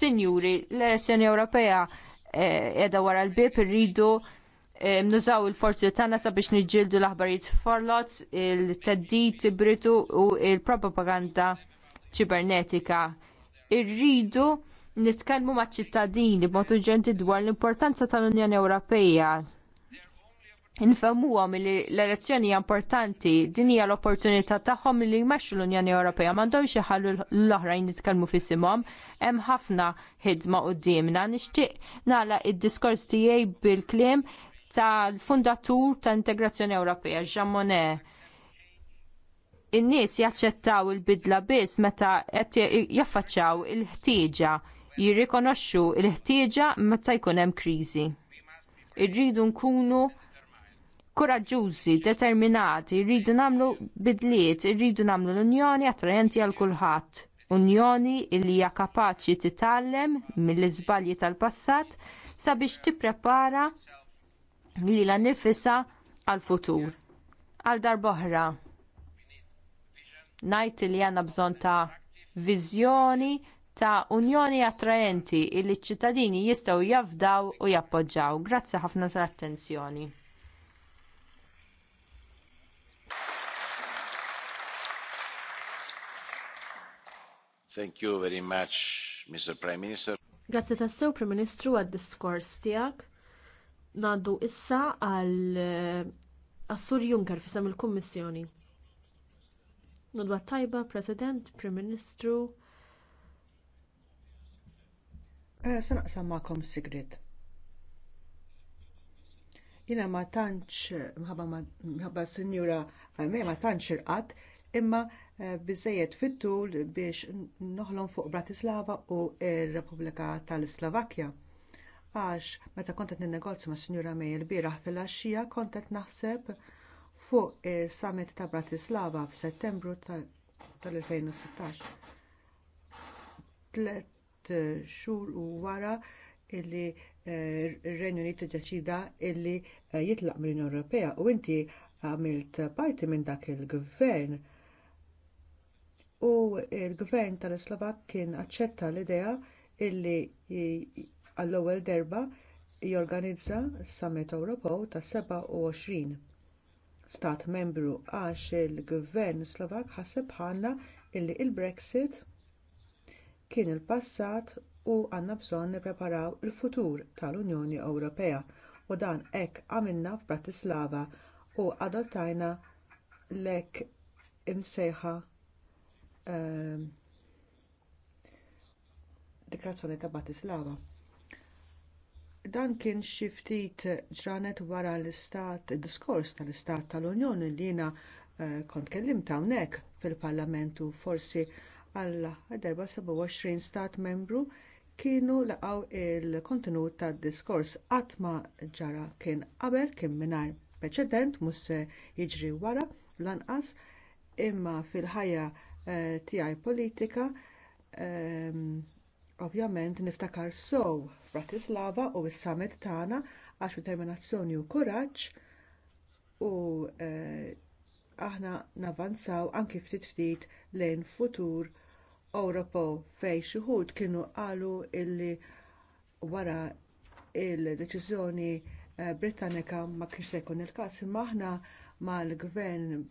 Sinjuri, l-elezzjoni Ewropea eh, qiegħda wara l-bib irridu Eh, nużaw il-forzi tagħna sabiex niġġieldu l-aħbarijiet forlots, il-teddit Britu u l propaganda ċibernetika. Irridu nitkellmu maċ ċittadini b'mod urġenti dwar l-importanza tal-Unjoni Ewropea. Infemmuhom li l-elezzjoni hija importanti, din hija l-opportunità tagħhom li jmexxu l-Unjoni Ewropea m'għandhomx iħallu l-oħrajn nitkellmu fisimhom, hemm ħafna ħidma qudiemna. Nixtieq nagħlaq id-diskors tiegħi bil-kliem tal-fundatur ta' integrazzjoni Ewropea, Jean Monnet. In-nies jaċċettaw il-bidla biss meta qed jaffaċċaw il-ħtieġa jirrikonoxxu l ħtieġa meta jkun hemm kriżi. Irridu nkunu kuraġġużi, determinati, irridu nagħmlu bidliet, irridu nagħmlu l-Unjoni attrajenti għal kulħadd. Unjoni li hija kapaċi titgħallem mill-iżbalji tal-passat sabiex tipprepara la nifisa għall-futur. Għal oħra. ngħid li għandna bżonn ta' viżjoni ta' unjoni attraenti li ċ-ċittadini jistgħu jafdaw u jappoġġjaw. Grazzi ħafna tal-attenzjoni. Thank you very much, Mr. Prime Minister. Grazzi tassew, Prim Ministru, għad-diskors tiegħek. Naddu issa għal eh, Assur Juncker fisem il-Kummissjoni. Nodwa tajba, President, Prim Ministru. Eh, Sanaqsam ma'kom sigrit. Jina ma tantx, mħabba sinjura, ma tantx irqat, imma eh, biżżejjed fit-tul biex noħlom fuq Bratislava u r-Repubblika tal-Slovakkja għax meta kont qed ninnegozja mas Sinjura May il-bieraħ fil-għaxija kont qed naħseb fuq is summit ta' Bratislava f'Settembru tal-2016. Tlet eh, xhur wara illi r-Renju eh, Unit ġaċida illi eh, jitlaq mill-Unjoni Ewropea u inti għamilt parti minn dak il-gvern u l gvern tal-Slovak kien aċċetta l-idea illi għall-ewwel darba jorganizza summit Ewropew ta' 27 stat membru għax il-gvern Slovak ħaseb bħalna li l brexit kien il-passat u għandna bżonn nippreparaw il-futur tal-Unjoni Ewropea u dan hekk għamilna f'Bratislava u adottajna l-ek imsejħa eh, dikrazzjoni ta' Bratislava dan kien xi ftit ġranet wara l-istat, diskors tal-istat tal-Unjoni li jiena eh, kont kellimt hawnhekk fil-Parlamentu forsi għall aħħar darba 27 stat membru kienu laqgħu l kontenut tad-diskors qatt ma ġara kien qabel kien mingħajr preċedent mhux se jiġri wara lanqas imma fil-ħajja eh, tiegħi politika ehm, Ovvjament niftakar sow Bratislava u s-summit tagħna għax determinazzjoni u kuraġġ u eh, aħna navanzaw anki ftit ftit lejn futur Ewropew fejn xi wħud kienu qalu illi wara d deċiżjoni eh, Britannika ma kienx se jkun il-każ imma aħna mal-gvern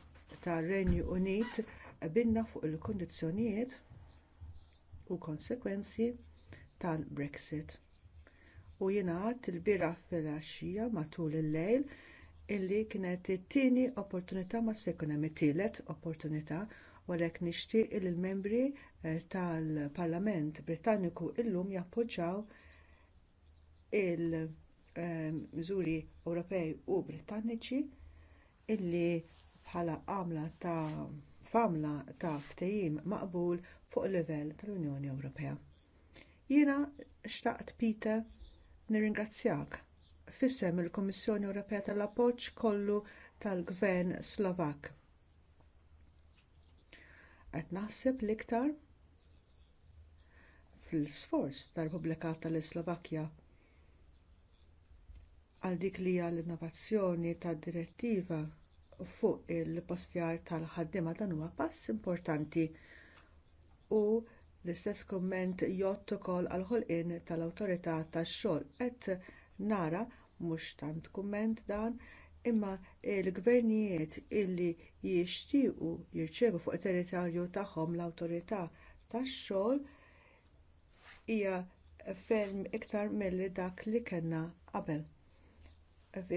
tar-Renju Unit binna fuq il-kundizzjonijiet u konsegwenzi tal-brexit u jingħad bieraħ filgħaxija matul il-lejl illi kienet it-tieni opportunità ma se jkun hemm it-tielet opportunità u għalhekk nixtieq li l-membri eh, tal-Parlament Britanniku llum jappoġġjaw il-miżuri eh, Ewropej u Britanniċi illi bħala għamla ta' famla ta' ftehim maqbul fuq il livell tal-Unjoni Ewropea. Jiena xtaqt Peter nirringrazzjak fissem il-Kummissjoni Ewropea tal-appoġġ kollu tal-Gvern Slovak. Qed naħseb l-iktar fl-sforz tar-Repubblika tal-Slovakkja għal dik li hija l-innovazzjoni tad-direttiva fuq il-postjar tal-ħaddiema dan huwa pass importanti u l-istess kumment jott ukoll għall ħolqien tal-awtorità tax-xogħol qed nara mhux tant kumment dan imma l gvernijiet illi jixtiequ jirċievu fuq it territorju tagħhom l-awtorità tax-xogħol hija ferm iktar milli dak li kellna qabel.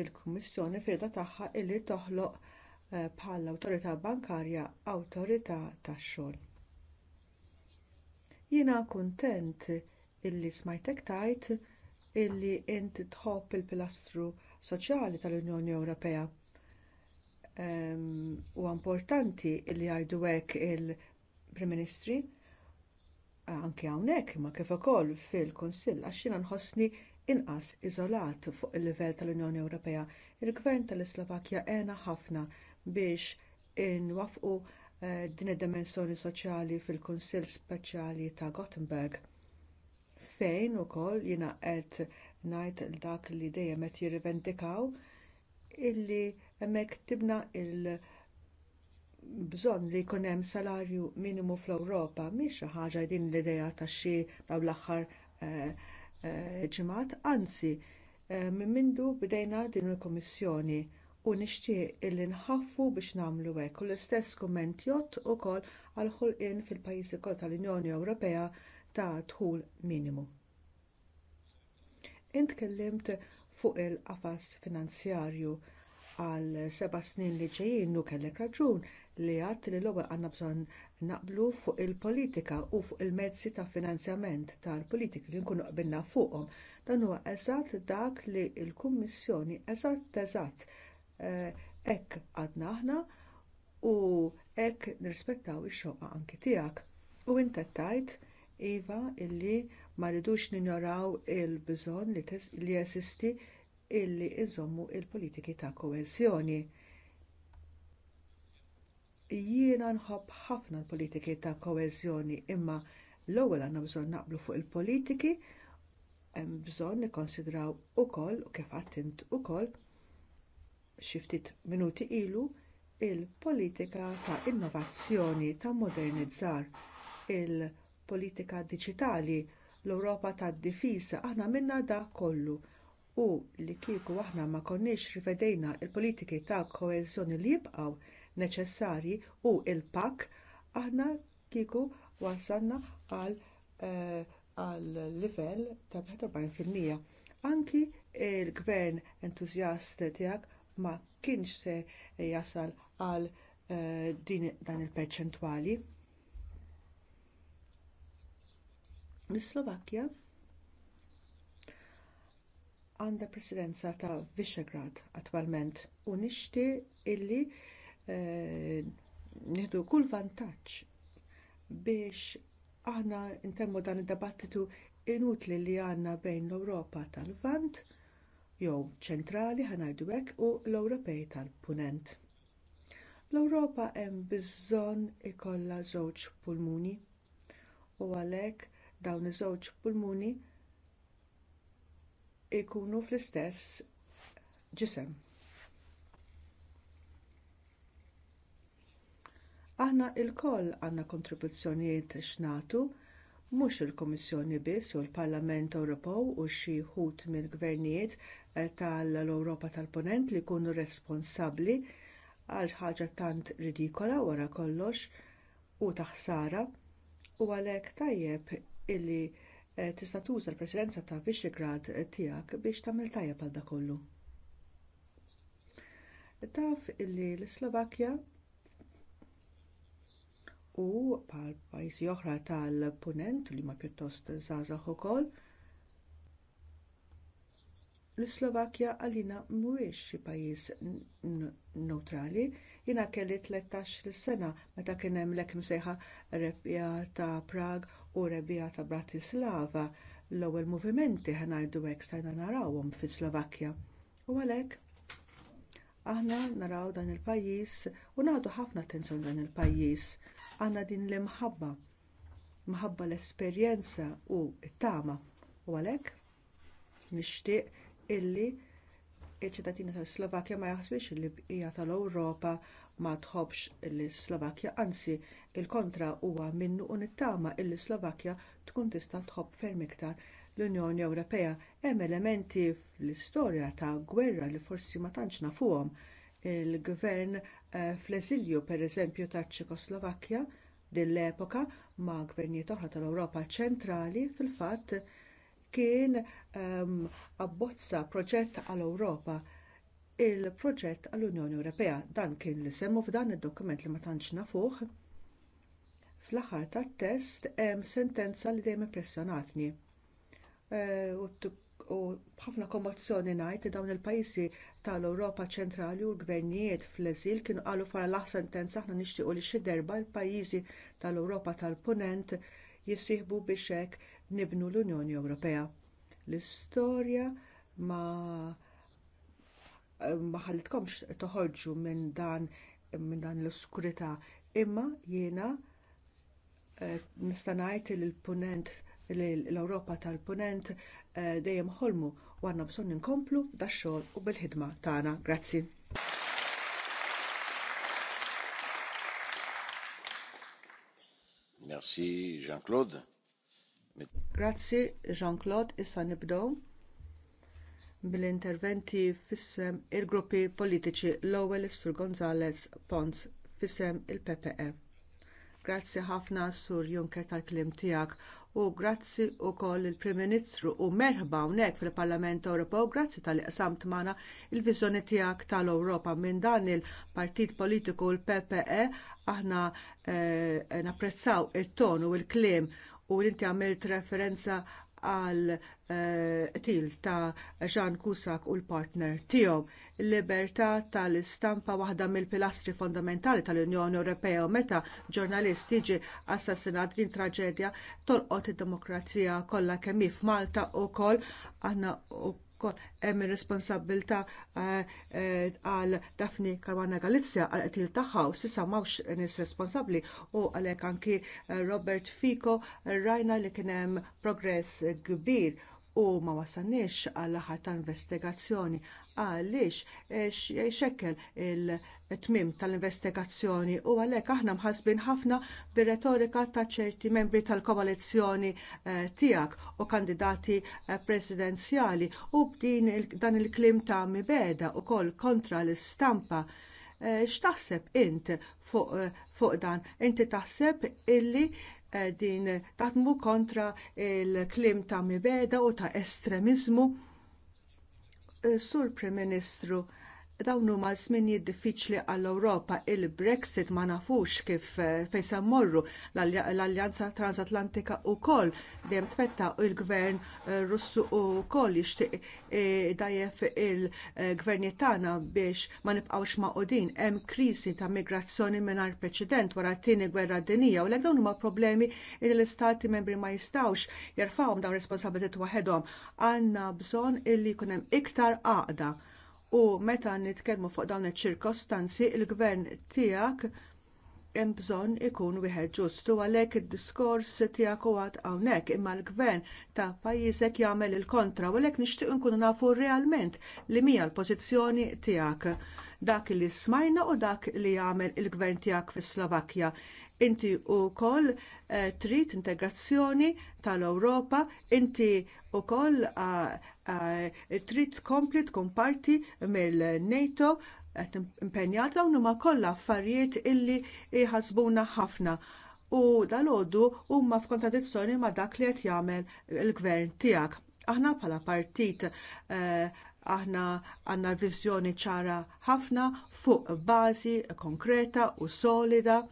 Il-Kummissjoni firda tagħha illi toħloq eh, bħall awtorità bankarja awtorità tax-xogħol. Jiena kuntent illi smajtek tajt illi inti tħobb il-pilastru soċjali tal-Unjoni Ewropea. Ehm, huwa importanti illi jgħidu hekk il-Prim Ministri anke hawnhekk imma kif ukoll fil-Kunsill għax jiena nħossni inqas iżolat fuq il-livell tal-Unjoni Ewropea. Il-Gvern tal-Islovakkja għena ħafna biex inwaffqu Eh, din id-dimensjoni soċjali fil-Kunsill Speċjali ta' Gothenburg fejn ukoll jiena qed ngħid dak li dejjem qed jirrivendikaw illi hemmhekk tibna il bżonn li jkun hemm salarju minimu fl-Ewropa mhix xi ħaġa din l-idea ta' xi dawn l-aħħar eh, eh, ġimgħat, anzi minn mindu bdejna din il-Kummissjoni u nixtieq illi nħaffu biex nagħmlu hekk u l-istess kumment jgħod ukoll għal ħolqien fil-pajjiżi kollha tal-Unjoni Ewropea ta' dħul minimu. Intkellimt fuq il-qafas finanzjarju għal seba' snin li ġejjin u kellek raġun li għadt li l-ewwel għandna bżonn naqblu fuq il-politika u fuq il-mezzi ta' finanzjament tal-politiki li nkunu qbilna fuqhom. Dan huwa eżatt dak li l-Kummissjoni eżatt eżatt hekk eh, għadna aħna u hekk nirrispettaw ix-xoqa anki tiegħek. U inti tajt iva illi ma ridux ninjoraw il-bżonn li jeżisti illi jżommu l politiki ta' koezjoni. Jiena nħobb ħafna l-politiki ta' koezjoni imma l-ewwel għandna bżonn naqblu fuq il-politiki hemm bżonn nikkonsidraw ukoll u kif għattint ukoll xi ftit minuti ilu il-politika ta' innovazzjoni ta' modernizzar il-politika diġitali l-Ewropa tad-difiża aħna minna dak kollu u li kieku aħna ma konniex rivedejna l politiki ta' koeżjoni li jibqgħu neċessarji u l-pak aħna kieku wasanna għal eh, għal livell ta' 41%. Anki l gvern entużjast tiegħek ma kienx se jasal għal eh, din dan il-perċentwali. Is-Slovakkja għandha presidenza ta' Visegrad attwalment u nixtieq illi eh, nieħdu kull vantaġġ biex aħna ntemmu dan id-dibattitu inutli li għandna bejn l-Ewropa tal-Vant jew ċentrali ħanajdu hekk u l-Ewropej tal-Punent. L-Ewropa hemm bżonn ikollha żewġ pulmuni u għalhekk dawn iż-żewġ pulmuni ikunu fl-istess ġisem. Aħna lkoll għandna kontribuzzjonijiet x'nagħtu mhux il-Kummissjoni biss u l-Parlament Ewropew u xi wħud mill-gvernijiet eh, tal-Ewropa tal-Punent li jkunu responsabbli għal ħaġa tant ridikola wara kollox u ta' ħsara u għalhekk tajjeb illi eh, tista' tuża l-Presidenza ta' Vixigrad tiegħek biex tagħmel tajjeb għal kollu. Taf illi l-Slovakkja u bħal pajjiżi oħra tal-punent li huma pjuttost żgħażagħ ukoll l-Slovakkja għalina mhuwiex xi pajjiż newtrali. Jiena kelli 13 sena meta kien hemm lek msejħa rebija ta' Prag u rebija ta' Bratislava l-ewwel movimenti ħanajdu hekk stajna narawhom fis-Slovakkja. U għalhekk aħna naraw dan il-pajjiż u nagħtu ħafna attenzjoni dan il-pajjiż għanna din l-imħabba, mħabba l-esperjenza u t-tama u għalhekk nixtieq illi il ċittadini tal slovakja ma jaħsbix illi bqija tal-Ewropa ma tħobbx il slovakkja anzi il-kontra huwa minnu u nittama il slovakkja tkun tista' tħobb ferm iktar l-Unjoni Ewropea hemm elementi fl-istorja ta' gwerra li forsi ma tantx nafuhom il-gvern eh, fl-eżilju pereżempju taċ ċekoslovakkja din l epoka ma' gvernijiet oħra tal-Ewropa ċentrali fil-fatt kien um, abbozza proġett għall-Ewropa il-proġett għall-Unjoni Ewropea. Dan kien li semmu f'dan id-dokument li ma tantx nafuh. Fl-aħħar tat-test hemm sentenza li dejjem impressjonatni. Eh, u uh, u ħafna kommozzjoni ngħid li dawn il-pajjiżi tal-Ewropa ċentrali u l-gvernijiet fl-eżil kienu qalu fara l sentenza aħna nixtiequ li xi darba l-pajjiżi tal-Ewropa tal-Punent jissieħbu biex hekk nibnu l-Unjoni Ewropea. L-istorja ma ma ħallitkomx toħorġu minn dan minn dan l-oskurità imma jiena eh, nista' ngħid li l-punent l-Ewropa tal-Punent Eh, dejjem ħolmu u għandna bżonn inkomplu dax-xogħol u bil-ħidma tagħna. Grazzi. Merci Jean-Claude. Grazzi Jean-Claude, issa nibdow bil-interventi fissem il-gruppi politiċi l-ewwel is-Sur Gonzales Pons fissem il-PPE. Grazzi ħafna Sur Juncker tal-klim tiegħek u grazzi wkoll il-Prim Ministru u merħba hawnhekk fil-Parlament Ewropew grazzi tal-iqsamt magħna il-viżjoni tiegħek tal-Ewropa minn dan il-Partit Politiku l-PPE aħna eh, napprezzaw it-ton u l-kliem u l-inti għamilt referenza għal eh, til ta' Jean Cusack u l-partner tiegħu. Libertà tal-istampa waħda mill-pilastri fondamentali tal-Unjoni Ewropea u meta ġurnalist jiġi assassinat din traġedja tolqot id-demokrazija kollha kemm f'Malta wkoll aħna kon hemm ir-responsabbiltà eh, eh, għal Dafni Karwana Galizja għal qtil tagħha u s'issa m'hawnx nies responsabbli u għalhekk anki eh, Robert Fico rajna li kien hemm progress kbir u ma wasalniex għal aħħar ta' investigazzjoni għaliex xekkel il- tmiem tal-investigazzjoni u għalhekk aħna mħassbin ħafna bir-retorika ta' ċerti membri tal-koalizzjoni eh, tiegħek u kandidati eh, presidenzjali u b'din dan il-klim ta' mibeda wkoll kontra l-istampa. Eh, x'taħseb int fuq dan? Inti taħseb illi din taħdmu kontra l klim ta' mibeda u ta' estremiżmu? Sur Prim Ministru, dawn huma żminijiet diffiċli għall-Ewropa, il-Brexit ma nafux kif eh, fejn se mmorru l aljanza Transatlantika wkoll dejjem tfetta u l-Gvern eh, Russu wkoll jixtieq eh, dajjef il-gvernijiet tagħna biex ma nibqgħux maqudin hemm kriżi ta' migrazzjoni mingħajr preċedent wara t-tieni gwerra dinija u dawn huma problemi li l-istati membri ma jistgħux jerfgħuhom dawn responsabilitajiet waħedhom. Għandna bżonn illi jkun hemm iktar għaqda u meta nitkellmu fuq dawn iċ-ċirkostanzi il-gvern tiegħek hemm bżonn ikun wieħed ġustu għalhekk id-diskors tiegħek huwa hawnhekk imma l-gvern ta' pajjiżek jagħmel il-kontra u għalhekk nixtieq nkunu nafu realment li mija l-pożizzjoni tiegħek dak li smajna u dak li jagħmel il-gvern tiegħek fis-Slovakkja. Inti wkoll eh, trid integrazzjoni tal-Ewropa, inti wkoll eh, Eh, trid tkompli tkun parti mill-NATO qed impenjata u huma kollha affarijiet illi jħasbuna ħafna. U dal-għodu huma f'kontradizzjoni ma' dak li qed jagħmel il-gvern tiegħek. Aħna bħala partit eh, aħna għandna viżjoni ċara ħafna fuq bażi konkreta u solida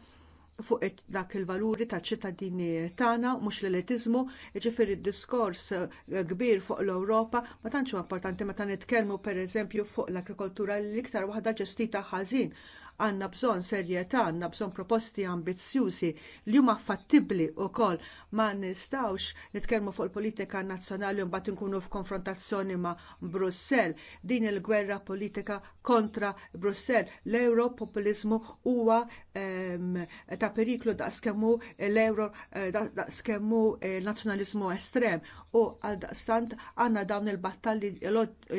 fuq dak il-valuri taċ ċittadini tagħna mhux l-elitiżmu, jiġifieri d-diskors eh, kbir fuq l-Ewropa ma tantx importanti meta nitkellmu pereżempju fuq l-agrikoltura l-iktar waħda ġestita ħażin għandna bżonn serjetà, għandna bżonn proposti ambizzjużi li huma fattibbli wkoll ma nistgħux nitkellmu fuq il-politika nazzjonali u mbagħad inkunu f'konfrontazzjoni ma' Brussell. Din il-gwerra politika kontra Brussell. L-Europopuliżmu huwa ehm, ta' periklu skemmu l-euro eh, skemmu nazzjonaliżmu estrem u għaldaqstant għandna dawn il-battalli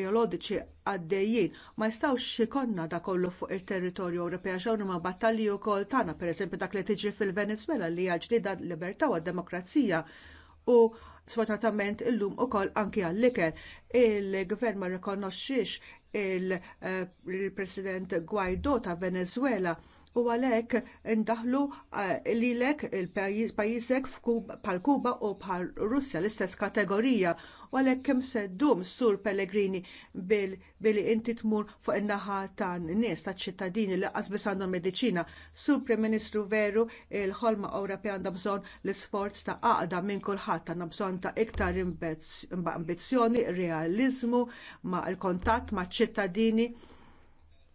jolodiċi għaddejjin. Ma jistgħux ikollna da kollu fuq il-territorju Ewropea xawn ma battalji wkoll tagħna, pereżempju dak li tiġi fil-Venezuela li hija ġdida l-libertà u d-demokrazija u sfortunatament illum ukoll anki għall-ikel. Il-gvern ma rikonoxxix il-President Guaido ta' Venezuela u għalhekk indaħlu eh, lilek il-pajjiżek bħal Kuba u bħal Russja l-istess kategorija u għalhekk kemm se sur Pellegrini billi inti tmur fuq in-naħa tan nies taċ-ċittadini li qasbis għandhom mediċina. Sur Prim Ministru veru il-ħolma Ewropea għandha bżonn l-isforz ta' għaqda minn kulħadd għandna bżonn ta' iktar ambizzjoni, realiżmu ma' il-kontatt maċ ċittadini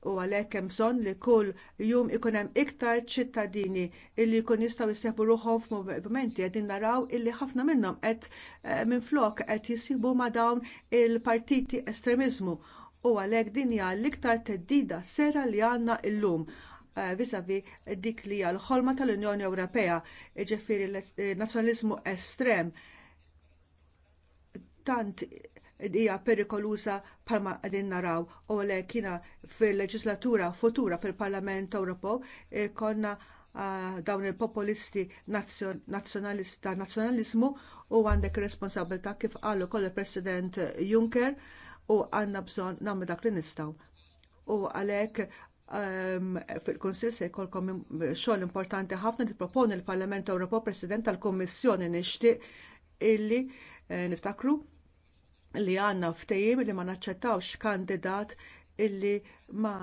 u għalhekk hemm bżonn li kull jum ikun hemm iktar ċittadini illi jkun jistgħu jseħbu ruħhom f'movimenti qegħdin naraw illi ħafna minnhom qed eh, minflok qed jisibu ma' dawn il-partiti estremiżmu u għalhekk din hija l-iktar theddida sera li għandna llum eh, visavi dik li hija l-ħolma tal-Unjoni Ewropea, jiġifieri l eh, nazzjonaliżmu estrem tant hija perikolusa bħalma qegħdin naraw u għalhekk jiena fil-leġislatura futura fil-Parlament Ewropew eh, konna ah, dawn il-populisti nazzjonalista nazzjonaliżmu u għandek ir responsabilità kif qalu koll il-President Juncker u għandna bżonn nagħmlu dak li nistgħu. U għalhekk ehm, fil-Konsil se jkollkom xogħol importanti ħafna li proponi l-Parlament Ewropew President tal-Kummissjoni nixtieq illi eh, niftakru li għandna ftehim li ma naċċettawx kandidat illi ma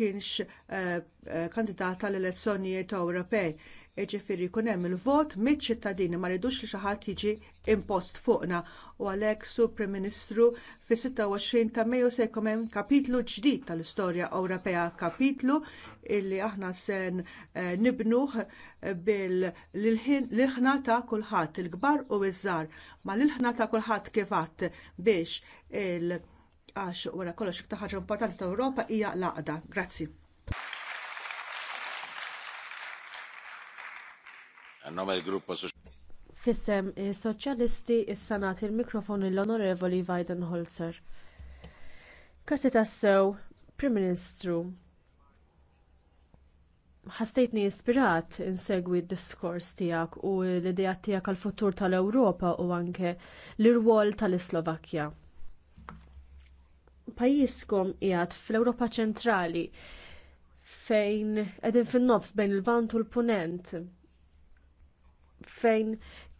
kienx eh, eh, kandidat għall elezzjonijiet Ewropej Jiġifieri jkun hemm il-vot miċ-ċittadini ma rridux li xi ħadd jiġi impost fuqna u għalhekk Sur Prim Ministru fi 26 ta' Mejju se jkun hemm kapitlu ġdid tal-istorja Ewropea, kapitlu illi aħna sen eh, nibnuh bil-ħna ta' kulħadd, il-kbar u iż-żgħar, ma l-ħna ta' kulħadd kif għadd biex il- għax wara kollox iktar ħaġa importanti ta' ewropa hija l-għaqda. Grazzi. Fissem is-Soċjalisti is-Sanat il-mikrofon l-Onorevoli Weidenholzer. Grazzi tassew, Prim Ministru. Ħastejtni ispirat insegwi d-diskors tiegħek u l-idea tiegħek għall futur tal-Ewropa u anke l-irwol tal-Islovakkja pajjiżkom qiegħed fl-Ewropa ċentrali fejn qegħdin fin-nofs bejn il-Vant u l-Punent fejn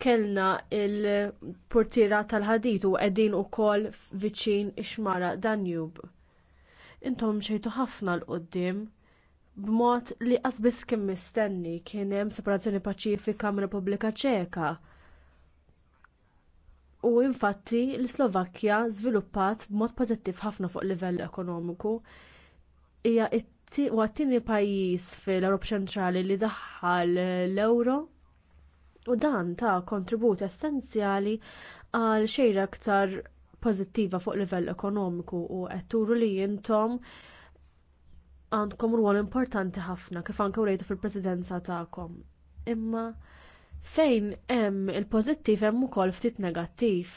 kellna il-portiera tal-ħadid u qegħdin ukoll viċin ix-xmara Danube. Intom xejtu ħafna l qudiem b'mod li qatt biss kien mistenni kien hemm separazzjoni paċifika mir-Repubblika Ċeka. U infatti l-Slovakkja żviluppat b'mod pożittiv ħafna fuq livell ekonomiku. Hija t-tieni pajjiż fil-Ewrop ċentrali li daħħal l-euro u dan ta' kontribut essenzjali għal xejra aktar pożittiva fuq livell ekonomiku u qed turu li intom għandkom rwol importanti ħafna kif anke wrejtu fil-presidenza tagħkom. Imma fejn hemm il-pożittiv hemm ukoll ftit negattiv.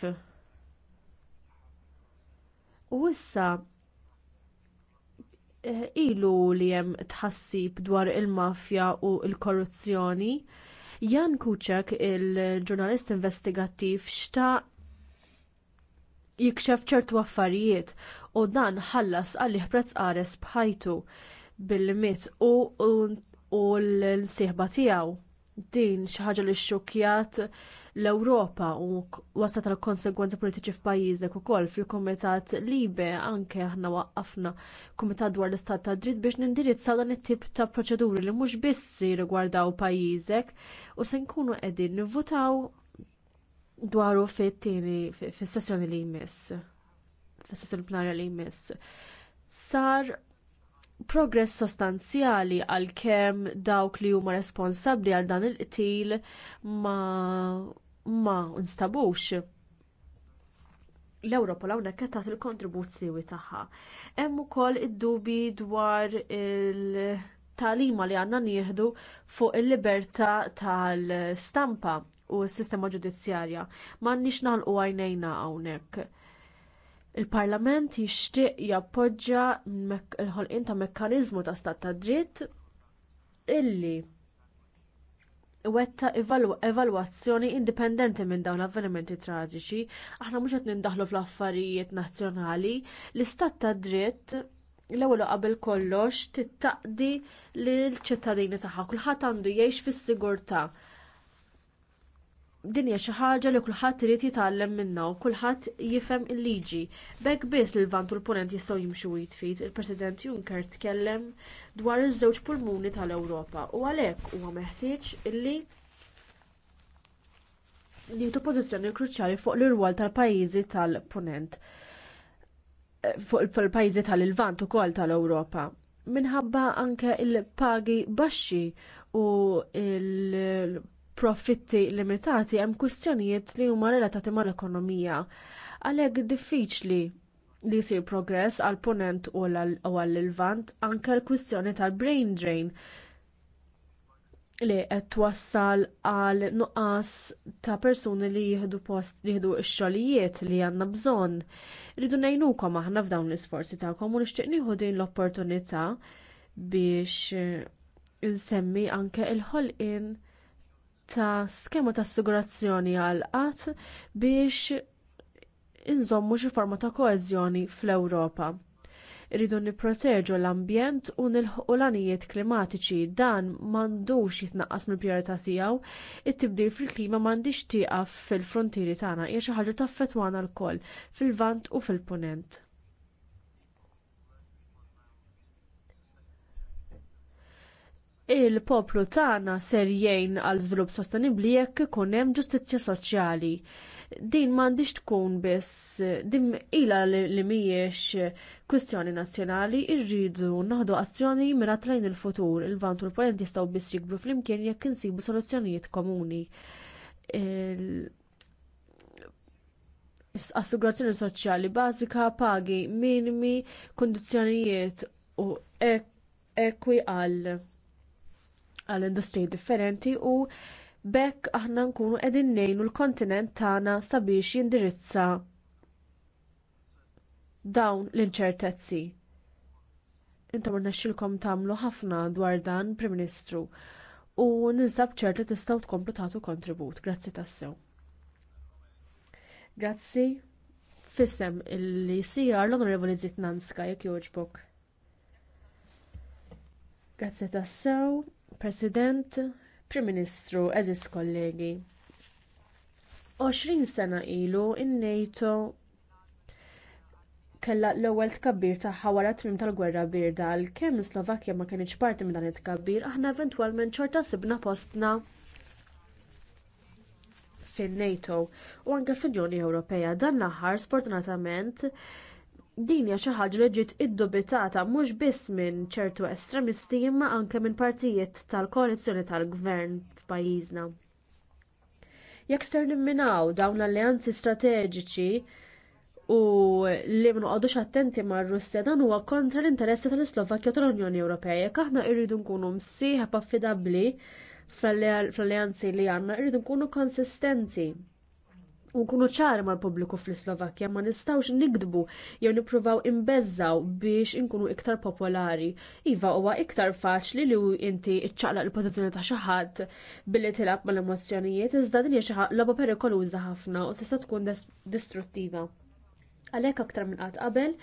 U issa eh, ilu li hemm tħassib dwar il-mafja u l-korruzzjoni il mafja u l korruzzjoni Jan Kuċek, il-ġurnalist investigattiv, xta jikxef ċertu affarijiet u dan ħallas għalli ħprezz qares bħajtu bil-mit u, u, u l-sieħba tiegħu. Din xi ħaġa li xukjat l-Ewropa u wasat tal konsegwenza politiċi f'pajjiżek ukoll fil-Kumitat Libe anke aħna waqqafna Kumitat dwar l-Istat ta' Dritt biex nindirizzaw dan it-tip ta' proċeduri li mhux biss jirrigwardaw pajjiżek u se nkunu qegħdin nivvutaw dwaru fit-tieni fis-sessjoni li jmiss fis-sessjoni plenarja li jmiss. Sar progress sostanzjali għalkemm dawk li huma responsabbli għal dan il-qtil ma ma nstabux l-Ewropol hawnhekk qed tagħti l-kontribut siewi tagħha. Hemm ukoll id-dubi dwar il-talima li għandna nieħdu fuq il-libertà tal-stampa u s-sistema ġudizzjarja. M'għandniex naħlqu għajnejna hawnhekk. Il-Parlament jixtieq jappoġġja il ħolqien ta' mekkaniżmu ta' stat ta' dritt illi iwetta evalwazzjoni indipendenti minn dawn l-avvenimenti traġiċi. Aħna mhux qed nindaħlu fl-affarijiet nazzjonali, l-istat ta' dritt l-ewwel qabel kollox tittaqdi lill ċittadini tagħha kulħadd għandu jgħix fis-sigurtà din hija xi ħaġa li kulħadd irid jitgħallem minnha u kulħadd jifhem il-liġi. B'hekk biss li l-vant u l-punent jistgħu jimxu jitfit, il-President Juncker tkellem dwar iż-żewġ pulmuni tal-Ewropa u għalhekk huwa meħtieġ illi nieħdu pożizzjoni kruċjali fuq l-irwol tal-pajjiżi tal-punent fuq il-pajjiżi tal-Ilvant ukoll tal-Ewropa minħabba anke il-pagi baxxi u il profitti limitati hemm kwistjonijiet li huma relatati mal-ekonomija. Għalhekk diffiċli li jsir progress għall punent u għall-Lvant anke l-kwistjoni tal-brain drain li qed twassal għal nuqqas ta' persuni li jieħdu post li jieħdu x-xogħlijiet li għandna bżonn. Rridu ngħinukom aħna f'dawn l-isforzi tagħkom u nixtieq nieħu din l-opportunità biex insemmi eh, anke l ħolqien ta' skema ta' assigurazzjoni għal qatt biex inżommu xi forma ta' koeżjoni fl-Ewropa. Irridu nipproteġu l-ambjent u nilħqu l-anijiet klimatiċi dan m'għandux jitnaqqas mill-prijorità tiegħu, it-tibdil fil-klima m'għandix tieqaf fil-frontieri tagħna hija xi ħaġa taffettwana lkoll fil-vant u fil-punent. il-poplu tagħna ser jgħin għal żvilupp sostenibbli jekk ikun hemm ġustizzja soċjali. Din m'għandix tkun biss din ilha li mhijiex kwistjoni nazzjonali, irridu naħdu azzjoni mirat lejn il-futur. Il-vant u l-ponent jistgħu biss jikbru flimkien jekk insibu soluzzjonijiet komuni. Assigurazzjoni soċjali bażika, pagi minimi, kundizzjonijiet u ekwi għal għal industriji differenti u bekk aħna nkunu qegħdin ngħinu l-kontinent tagħna sabiex jindirizza dawn l-inċertezzi. Intom rnexxilkom tagħmlu ħafna dwar dan, Prim Ministru, u ninsab ċert li tistgħu tkomplu tagħtu kontribut. Grazzi tassew. Grazzi fissem illi sijar l-Onorevoli Zitnanska jekk jogħġbok. Grazzi tassew. President, Prim Ministru, eżis kollegi. 20 sena ilu in-NATO kellha l-ewwel tkabbir tagħha wara tmiem tal-Gwerra Birda għalkemm kemm slovakkja ma kinitx parti minn dan it-tkabbir aħna eventwalment xorta sibna postna fin-NATO u anke fl-Unjoni Ewropea dan l-aħħar sfortunatament din hija xi ħaġa li ġiet iddubitata mhux biss minn ċertu estremisti imma anke minn partijiet tal-koalizzjoni tal-gvern f'pajjiżna. Jekk ser nimminaw dawn l-alleanzi strateġiċi u li ma noqogħdux attenti mar-Russja dan huwa kontra l-interessi tal-Islovakkja tal-Unjoni Ewropea jekk aħna rridu nkunu msieħeb affidabbli fl-alleanzi li għandna rridu nkunu konsistenti nkunu ċari mal-pubbliku fl-Slovakkja ma nistgħux nikdbu jew nippruvaw imbeżżaw biex inkunu iktar popolari. Iva huwa iktar faċli li inti iċċaqla l pożizzjoni ta' xi ħadd billi tilab mal-emozzjonijiet iżda din hija xi logħba perikoluża ħafna u tista' tkun distruttiva. Għalhekk aktar minn qatt qabel